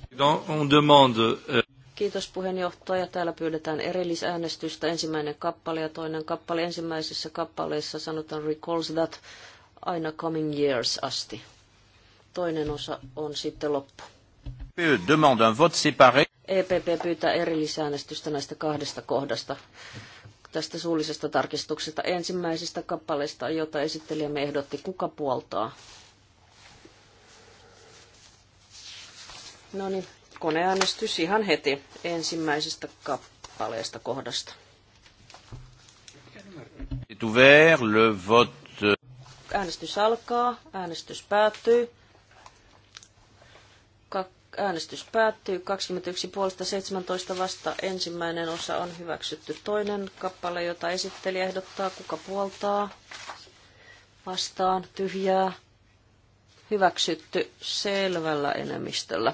Euh, Kiitos puheenjohtaja. Täällä pyydetään erillisäänestystä. Ensimmäinen kappale ja toinen kappale. Ensimmäisessä kappaleessa sanotaan recalls that aina coming years asti. Toinen osa on sitten loppu. EPP e pyytää erillisäänestystä näistä kahdesta kohdasta tästä suullisesta tarkistuksesta ensimmäisestä kappaleesta, jota esittelijämme ehdotti. Kuka puoltaa? No niin, koneäänestys ihan heti ensimmäisestä kappaleesta kohdasta. le vote. Äänestys alkaa, äänestys päättyy. Äänestys päättyy 21 puolesta 17 vasta. Ensimmäinen osa on hyväksytty. Toinen kappale, jota esittelijä ehdottaa, kuka puoltaa. Vastaan tyhjää. Hyväksytty selvällä enemmistöllä.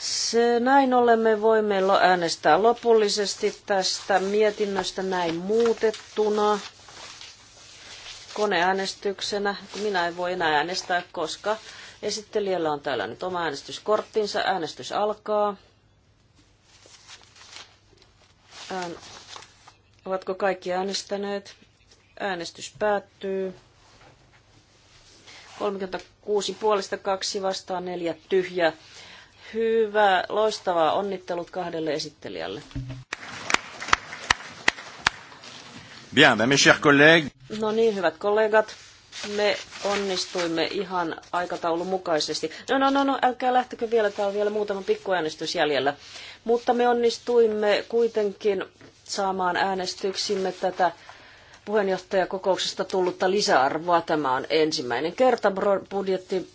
Se, näin ollen me voimme äänestää lopullisesti tästä mietinnöstä näin muutettuna koneäänestyksenä. Minä en voi enää äänestää, koska esittelijällä on täällä nyt oma äänestyskorttinsa. Äänestys alkaa. Ään... Ovatko kaikki äänestäneet? Äänestys päättyy. 36 puolesta, kaksi vastaan, neljä tyhjää. Hyvä, loistavaa. Onnittelut kahdelle esittelijälle. Bien, ben mes chers collègues. No niin, hyvät kollegat. Me onnistuimme ihan aikataulun mukaisesti. No, no, no, no, älkää lähtekö vielä, täällä on vielä muutama pikkuäänestys jäljellä. Mutta me onnistuimme kuitenkin saamaan äänestyksimme tätä puheenjohtajakokouksesta tullutta lisäarvoa. Tämä on ensimmäinen kerta budjetti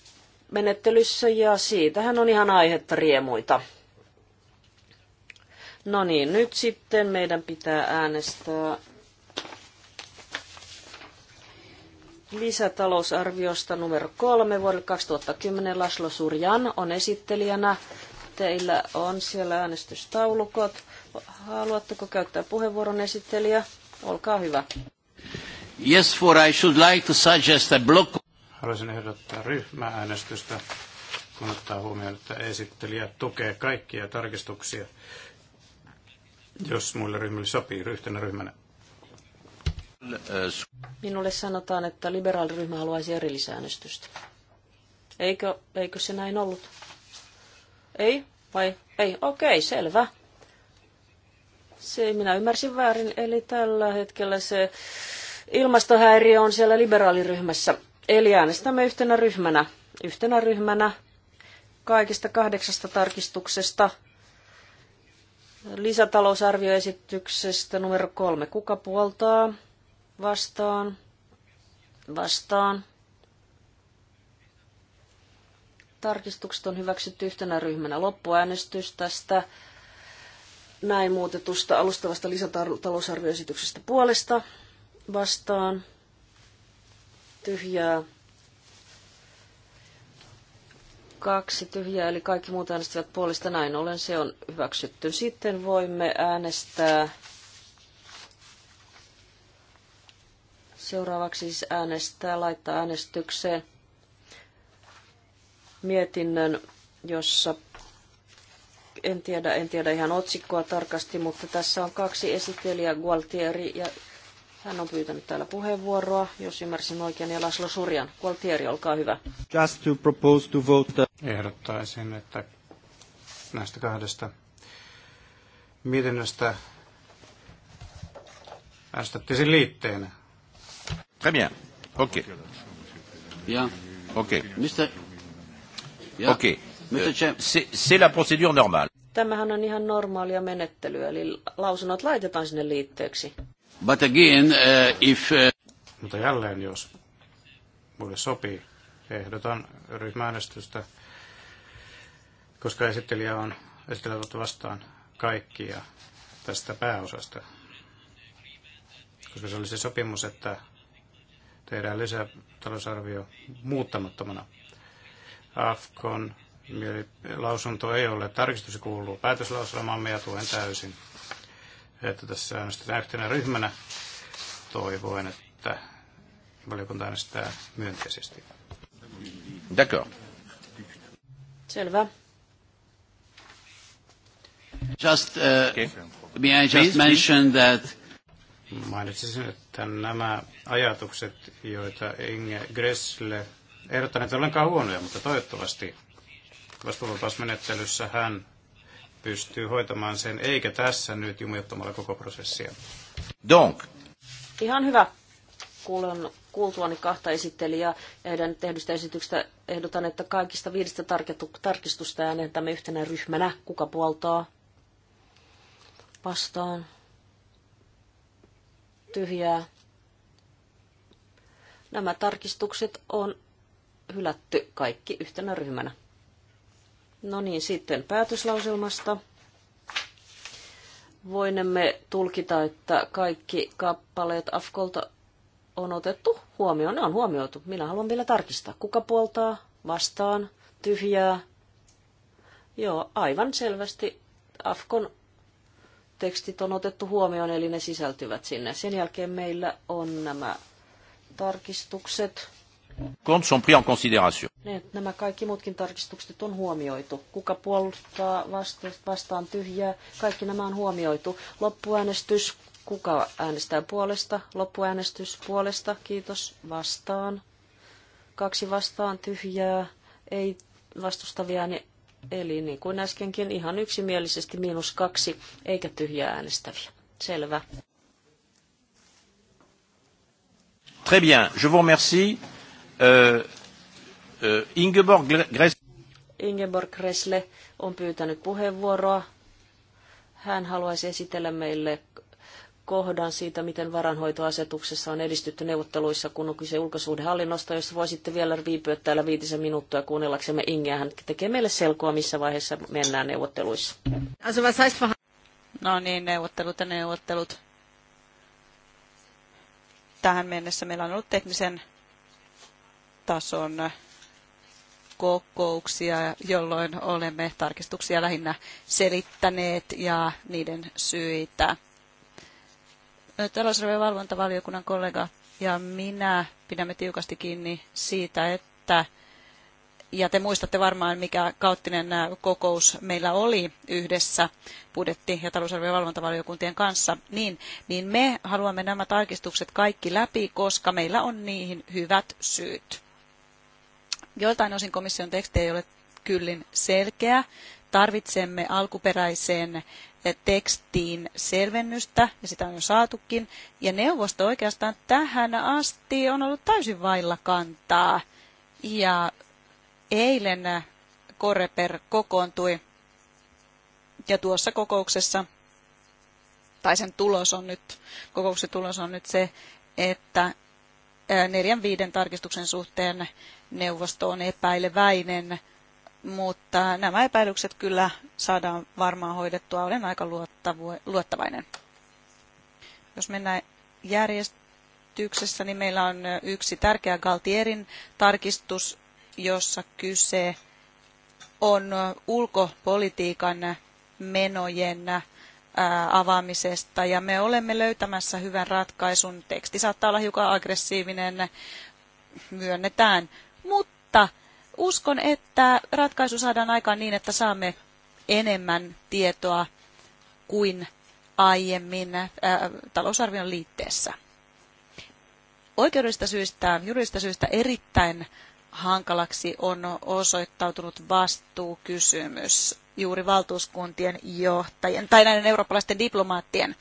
menettelyssä ja siitähän on ihan aihetta riemuita. No niin, nyt sitten meidän pitää äänestää lisätalousarviosta numero kolme vuodelle 2010. Laslo Surjan on esittelijänä. Teillä on siellä äänestystaulukot. Haluatteko käyttää puheenvuoron esittelijä? Olkaa hyvä. Yes, for I should like to suggest a block Haluaisin ehdottaa ryhmääänestystä, kun ottaa huomioon, että esittelijä tukee kaikkia tarkistuksia, jos muille ryhmille sopii yhtenä ryhmänä. Minulle sanotaan, että liberaaliryhmä haluaisi erillisäänestystä. Eikö, eikö se näin ollut? Ei? Vai? Ei? Okei, okay, selvä. Se minä ymmärsin väärin, eli tällä hetkellä se ilmastohäiriö on siellä liberaaliryhmässä. Eli äänestämme yhtenä ryhmänä, yhtenä ryhmänä kaikista kahdeksasta tarkistuksesta lisätalousarvioesityksestä numero kolme. Kuka puoltaa? Vastaan. Vastaan. Tarkistukset on hyväksytty yhtenä ryhmänä. Loppuäänestys tästä näin muutetusta alustavasta lisätalousarvioesityksestä puolesta vastaan tyhjää. Kaksi tyhjää, eli kaikki muut äänestivät puolesta. Näin ollen se on hyväksytty. Sitten voimme äänestää Seuraavaksi siis äänestää, laittaa äänestykseen mietinnön, jossa en tiedä, en tiedä ihan otsikkoa tarkasti, mutta tässä on kaksi esittelijää, Gualtieri ja hän on pyytänyt täällä puheenvuoroa, jos ymmärsin oikein, ja niin Laslo Surjan. Gualtieri, olkaa hyvä. Just to propose to vote. Ehdottaisin, että näistä kahdesta mietinnöstä äänestettiin liitteenä. Très bien. Okei. Okay. Bien. Okei. Okay. Mister... Yeah. Okei. Okay. Euh, c'est la procédure normale. Tämähän on ihan normaalia menettelyä, eli lausunnot laitetaan sinne liitteeksi. But again, uh, if, uh... Mutta jälleen, jos mulle sopii, ehdotan ryhmäänestystä, koska esittelijä on esitellyt vastaan kaikkia tästä pääosasta. Koska se oli se sopimus, että tehdään lisätalousarvio muuttamattomana. AFKon lausunto ei ole tarkistus, se kuuluu päätöslauselmaamme ja tuen täysin että tässä äänestetään yhtenä ryhmänä. Toivoin, että valiokunta äänestää myönteisesti. D'accord. Selvä. Just, uh, okay. may I just mention that mainitsisin, että nämä ajatukset, joita Inge Gressle ehdottaa, että ollenkaan huonoja, mutta toivottavasti vastuuvapausmenettelyssä hän pystyy hoitamaan sen, eikä tässä nyt jumiuttamalla koko prosessia. Donk. Ihan hyvä. Kuulen kuultuani kahta esittelijää ja heidän tehdystä esityksestä ehdotan, että kaikista viidestä tarkistusta äänetämme yhtenä ryhmänä. Kuka puoltaa? Vastaan. Tyhjää. Nämä tarkistukset on hylätty kaikki yhtenä ryhmänä. No niin, sitten päätöslauselmasta. Voinemme tulkita, että kaikki kappaleet Afkolta on otettu huomioon. Ne on huomioitu. Minä haluan vielä tarkistaa, kuka puoltaa, vastaan, tyhjää. Joo, aivan selvästi Afkon tekstit on otettu huomioon, eli ne sisältyvät sinne. Sen jälkeen meillä on nämä tarkistukset Comptes on pris en considération. Nämä kaikki muutkin tarkistukset on huomioitu. Kuka puolustaa vasta, vastaan tyhjää, kaikki nämä on huomioitu. Loppuäänestys, kuka äänestää puolesta, loppuäänestys puolesta, kiitos, vastaan. Kaksi vastaan tyhjää, ei vastustavia, ääni, niin eli niin kuin äskenkin ihan yksimielisesti miinus kaksi, eikä tyhjää äänestäviä. Selvä. Très bien, je vous remercie. Ingeborg Gressle. Ingeborg Gressle on pyytänyt puheenvuoroa. Hän haluaisi esitellä meille kohdan siitä, miten varanhoitoasetuksessa on edistytty neuvotteluissa, kun on kyse ulkosuhdehallinnosta, jos voisitte vielä viipyä täällä viitisen minuuttia kuunnellaksemme Ingeä. Hän tekee meille selkoa, missä vaiheessa mennään neuvotteluissa. No niin, neuvottelut ja neuvottelut. Tähän mennessä meillä on ollut teknisen tason kokouksia, jolloin olemme tarkistuksia lähinnä selittäneet ja niiden syitä. Talousarvojen valvontavaliokunnan kollega ja minä pidämme tiukasti kiinni siitä, että ja te muistatte varmaan, mikä kauttinen kokous meillä oli yhdessä budjetti- ja talousarvio- ja valvontavaliokuntien kanssa, niin, niin me haluamme nämä tarkistukset kaikki läpi, koska meillä on niihin hyvät syyt joiltain osin komission teksti ei ole kyllin selkeä. Tarvitsemme alkuperäiseen eh, tekstiin selvennystä, ja sitä on jo saatukin. Ja neuvosto oikeastaan tähän asti on ollut täysin vailla kantaa. Ja eilen Koreper kokoontui, ja tuossa kokouksessa, tai sen tulos on nyt, kokouksen tulos on nyt se, että eh, neljän viiden tarkistuksen suhteen neuvosto on epäileväinen, mutta nämä epäilykset kyllä saadaan varmaan hoidettua. Olen aika luottavainen. Jos mennään järjestyksessä, niin meillä on yksi tärkeä Galtierin tarkistus, jossa kyse on ulkopolitiikan menojen avaamisesta ja me olemme löytämässä hyvän ratkaisun. Teksti saattaa olla hiukan aggressiivinen, myönnetään, mutta uskon, että ratkaisu saadaan aikaan niin, että saamme enemmän tietoa kuin aiemmin ää, äh, talousarvion liitteessä. Oikeudellisista syistä, juridista syistä erittäin hankalaksi on osoittautunut vastuukysymys juuri valtuuskuntien johtajien tai näiden eurooppalaisten diplomaattien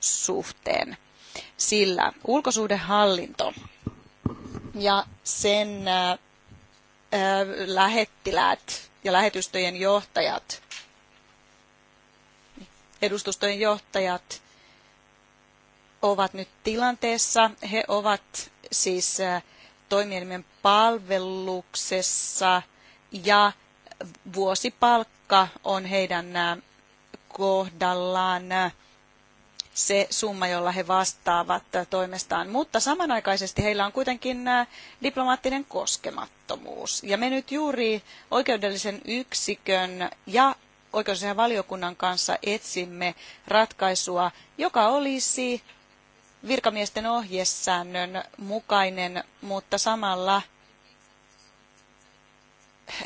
suhteen. Sillä ulkosuhdehallinto ja sen äh, äh, lähettiläät ja lähetystöjen johtajat, edustustojen johtajat ovat nyt tilanteessa. He ovat siis äh, toimielimen palveluksessa ja vuosipalkka on heidän kohdallaan se summa, jolla he vastaavat toimestaan, mutta samanaikaisesti heillä on kuitenkin diplomaattinen koskemattomuus. Ja me nyt juuri oikeudellisen yksikön ja oikeusasian valiokunnan kanssa etsimme ratkaisua, joka olisi virkamiesten ohjesäännön mukainen, mutta samalla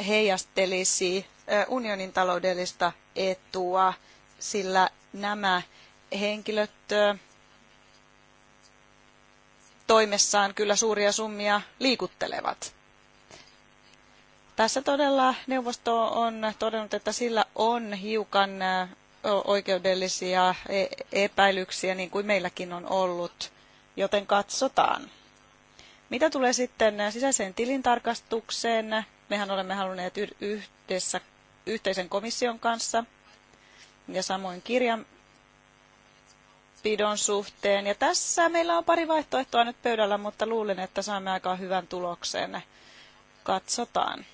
heijastelisi unionin taloudellista etua, sillä nämä henkilöt toimessaan kyllä suuria summia liikuttelevat. Tässä todella neuvosto on todennut, että sillä on hiukan oikeudellisia e, epäilyksiä, niin kuin meilläkin on ollut, joten katsotaan. Mitä tulee sitten sisäiseen tilintarkastukseen, mehän olemme halunneet yhdessä yhteisen komission kanssa ja samoin kirjan pidon suhteen. Ja tässä meillä on pari vaihtoehtoa nyt pöydällä, mutta luulen, että saamme aika hyvän tuloksen. Katsotaan.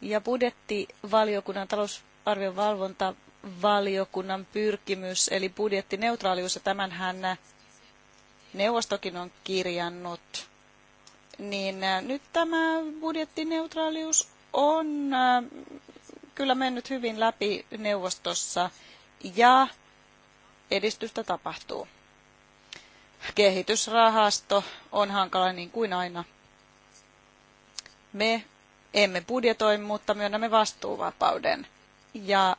Ja budjettivaliokunnan talousarvion valvonta valiokunnan pyrkimys, eli budjettineutraalius, ja tämänhän neuvostokin on kirjannut, niin nyt tämä budjettineutraalius on äh, kyllä mennyt hyvin läpi neuvostossa, ja edistystä tapahtuu. Kehitysrahasto on hankala niin kuin aina. Me emme budjetoi, mutta myönnämme vastuuvapauden. Ja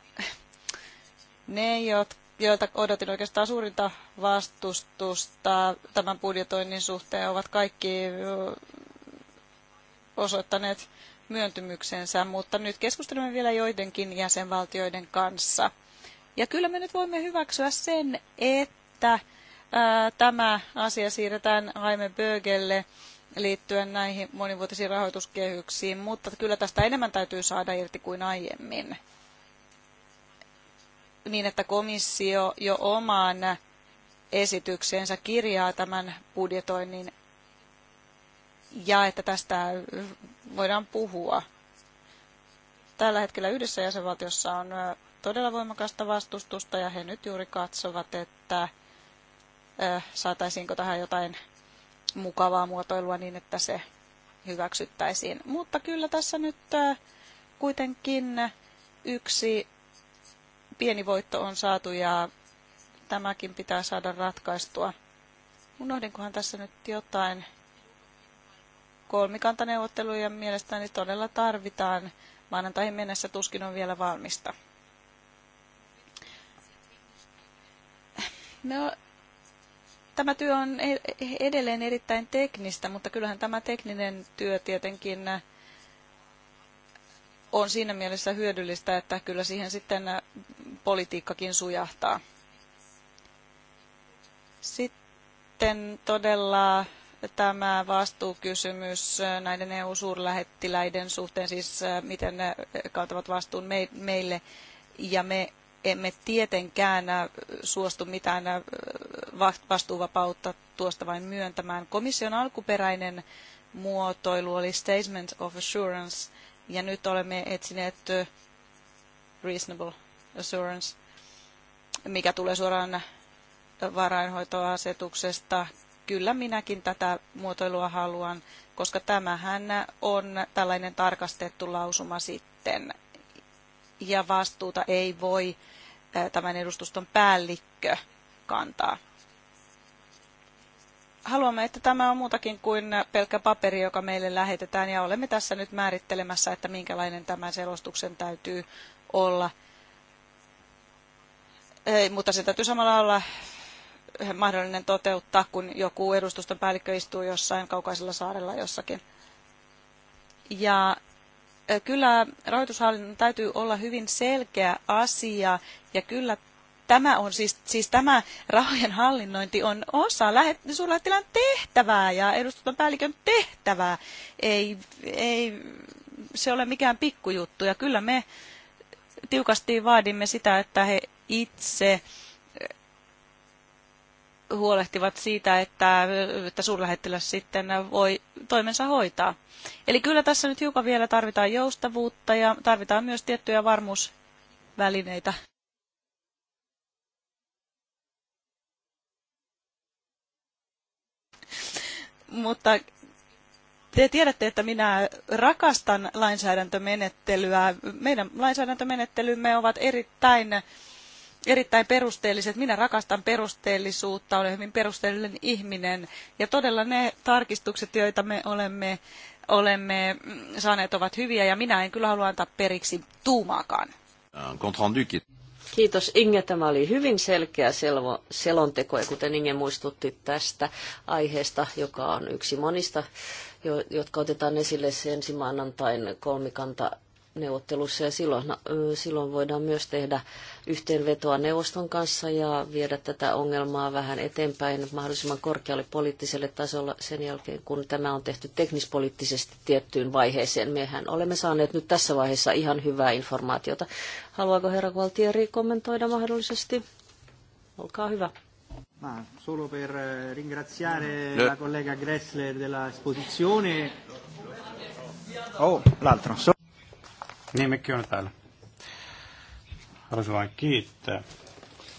ne, joilta odotin oikeastaan suurinta vastustusta tämän budjetoinnin suhteen, ovat kaikki osoittaneet myöntymyksensä, mutta nyt keskustelemme vielä joidenkin jäsenvaltioiden kanssa – ja kyllä me nyt voimme hyväksyä sen, että ää, tämä asia siirretään Haime Bögelle liittyen näihin monivuotisiin rahoituskehyksiin, mutta kyllä tästä enemmän täytyy saada irti kuin aiemmin. Niin, että komissio jo omaan esitykseensä kirjaa tämän budjetoinnin ja että tästä voidaan puhua. Tällä hetkellä yhdessä jäsenvaltiossa on todella voimakasta vastustusta ja he nyt juuri katsovat, että saataisiinko tähän jotain mukavaa muotoilua niin, että se hyväksyttäisiin. Mutta kyllä tässä nyt kuitenkin yksi pieni voitto on saatu ja tämäkin pitää saada ratkaistua. Unohdinkohan tässä nyt jotain kolmikantaneuvotteluja mielestäni todella tarvitaan. Maanantaihin mennessä tuskin on vielä valmista. No, tämä työ on e-, edelleen erittäin teknistä, mutta kyllähän tämä tekninen työ tietenkin äh, on siinä mielessä hyödyllistä, että kyllä siihen sitten äh, politiikkakin sujahtaa. Sitten todella tämä vastuukysymys äh, näiden EU-suurlähettiläiden suhteen, siis miten ne kantavat vastuun meille ja me emme tietenkään äh, suostu mitään äh, vastuuvapautta tuosta vain myöntämään. Komission alkuperäinen muotoilu oli Statement of Assurance, ja nyt olemme etsineet äh, Reasonable Assurance, mikä tulee suoraan varainhoitoasetuksesta. Kyllä minäkin tätä muotoilua haluan, koska tämähän on tällainen tarkastettu lausuma sitten ja vastuuta ei voi tämän edustuston päällikkö kantaa. Haluamme, että tämä on muutakin kuin pelkkä paperi, joka meille lähetetään, ja olemme tässä nyt määrittelemässä, että minkälainen tämän selostuksen täytyy olla. Ei, mutta se täytyy samalla olla mahdollinen toteuttaa, kun joku edustuston päällikkö istuu jossain kaukaisella saarella jossakin. Ja kyllä rahoitushallinnon täytyy olla hyvin selkeä asia ja kyllä tämä on siis, siis tämä rahojen hallinnointi on osa lähet, suurlähettilän tehtävää ja edustuston päällikön tehtävää. Ei, ei se ole mikään pikkujuttu ja kyllä me tiukasti vaadimme sitä, että he itse huolehtivat siitä, että, että suurlähettiläs sitten voi toimensa hoitaa. Eli kyllä tässä nyt hiukan vielä tarvitaan joustavuutta ja tarvitaan myös tiettyjä varmuusvälineitä. Mutta te tiedätte, että minä rakastan lainsäädäntömenettelyä. Meidän lainsäädäntömenettelymme ovat erittäin erittäin perusteelliset. Minä rakastan perusteellisuutta, olen hyvin perusteellinen ihminen. Ja todella ne tarkistukset, joita me olemme, olemme mm, saaneet, ovat hyviä. Ja minä en kyllä halua antaa periksi tuumaakaan. Kiitos Inge. Tämä oli hyvin selkeä selvo, selonteko ja kuten Inge muistutti tästä aiheesta, joka on yksi monista, jo, jotka otetaan esille ensi maanantain kolmikanta neuvottelussa ja silloin, silloin voidaan myös tehdä yhteenvetoa neuvoston kanssa ja viedä tätä ongelmaa vähän eteenpäin mahdollisimman korkealle poliittiselle tasolle sen jälkeen, kun tämä on tehty teknispoliittisesti tiettyyn vaiheeseen. Mehän olemme saaneet nyt tässä vaiheessa ihan hyvää informaatiota. Haluaako herra Gualtieri kommentoida mahdollisesti? Olkaa hyvä. Ma solo per ringraziare no. la collega Gressler della esposizione. Oh, l'altro. Niin, mekin on täällä. Haluaisin vain kiittää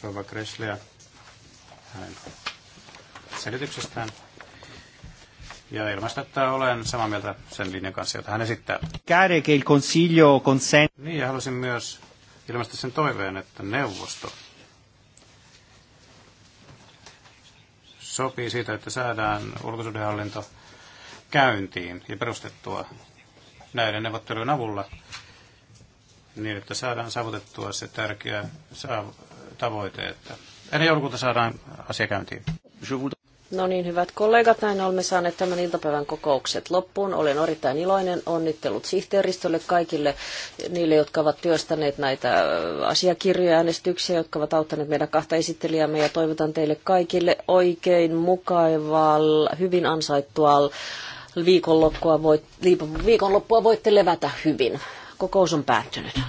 Rova Kresliä hänen selityksestään. Ja ilmaista, että olen samaa mieltä sen linjan kanssa, jota hän esittää. Käde, che il consiglio consent... Niin, ja halusin myös ilmaista sen toiveen, että neuvosto sopii siitä, että saadaan ulkosuhdehallinto käyntiin ja perustettua näiden neuvottelujen avulla niin että saadaan saavutettua se tärkeä tavoite, että ennen joulukuuta saadaan asia käyntiin. No niin, hyvät kollegat, näin olemme saaneet tämän iltapäivän kokoukset loppuun. Olen erittäin iloinen. Onnittelut sihteeristölle kaikille niille, jotka ovat työstäneet näitä äh, asiakirjoja äänestyksiä, jotka ovat auttaneet meidän kahta esittelijämme ja toivotan teille kaikille oikein mukavaa, hyvin ansaittua viikonloppua, voit, viikonloppua voitte levätä hyvin. Kokous on päättynyt.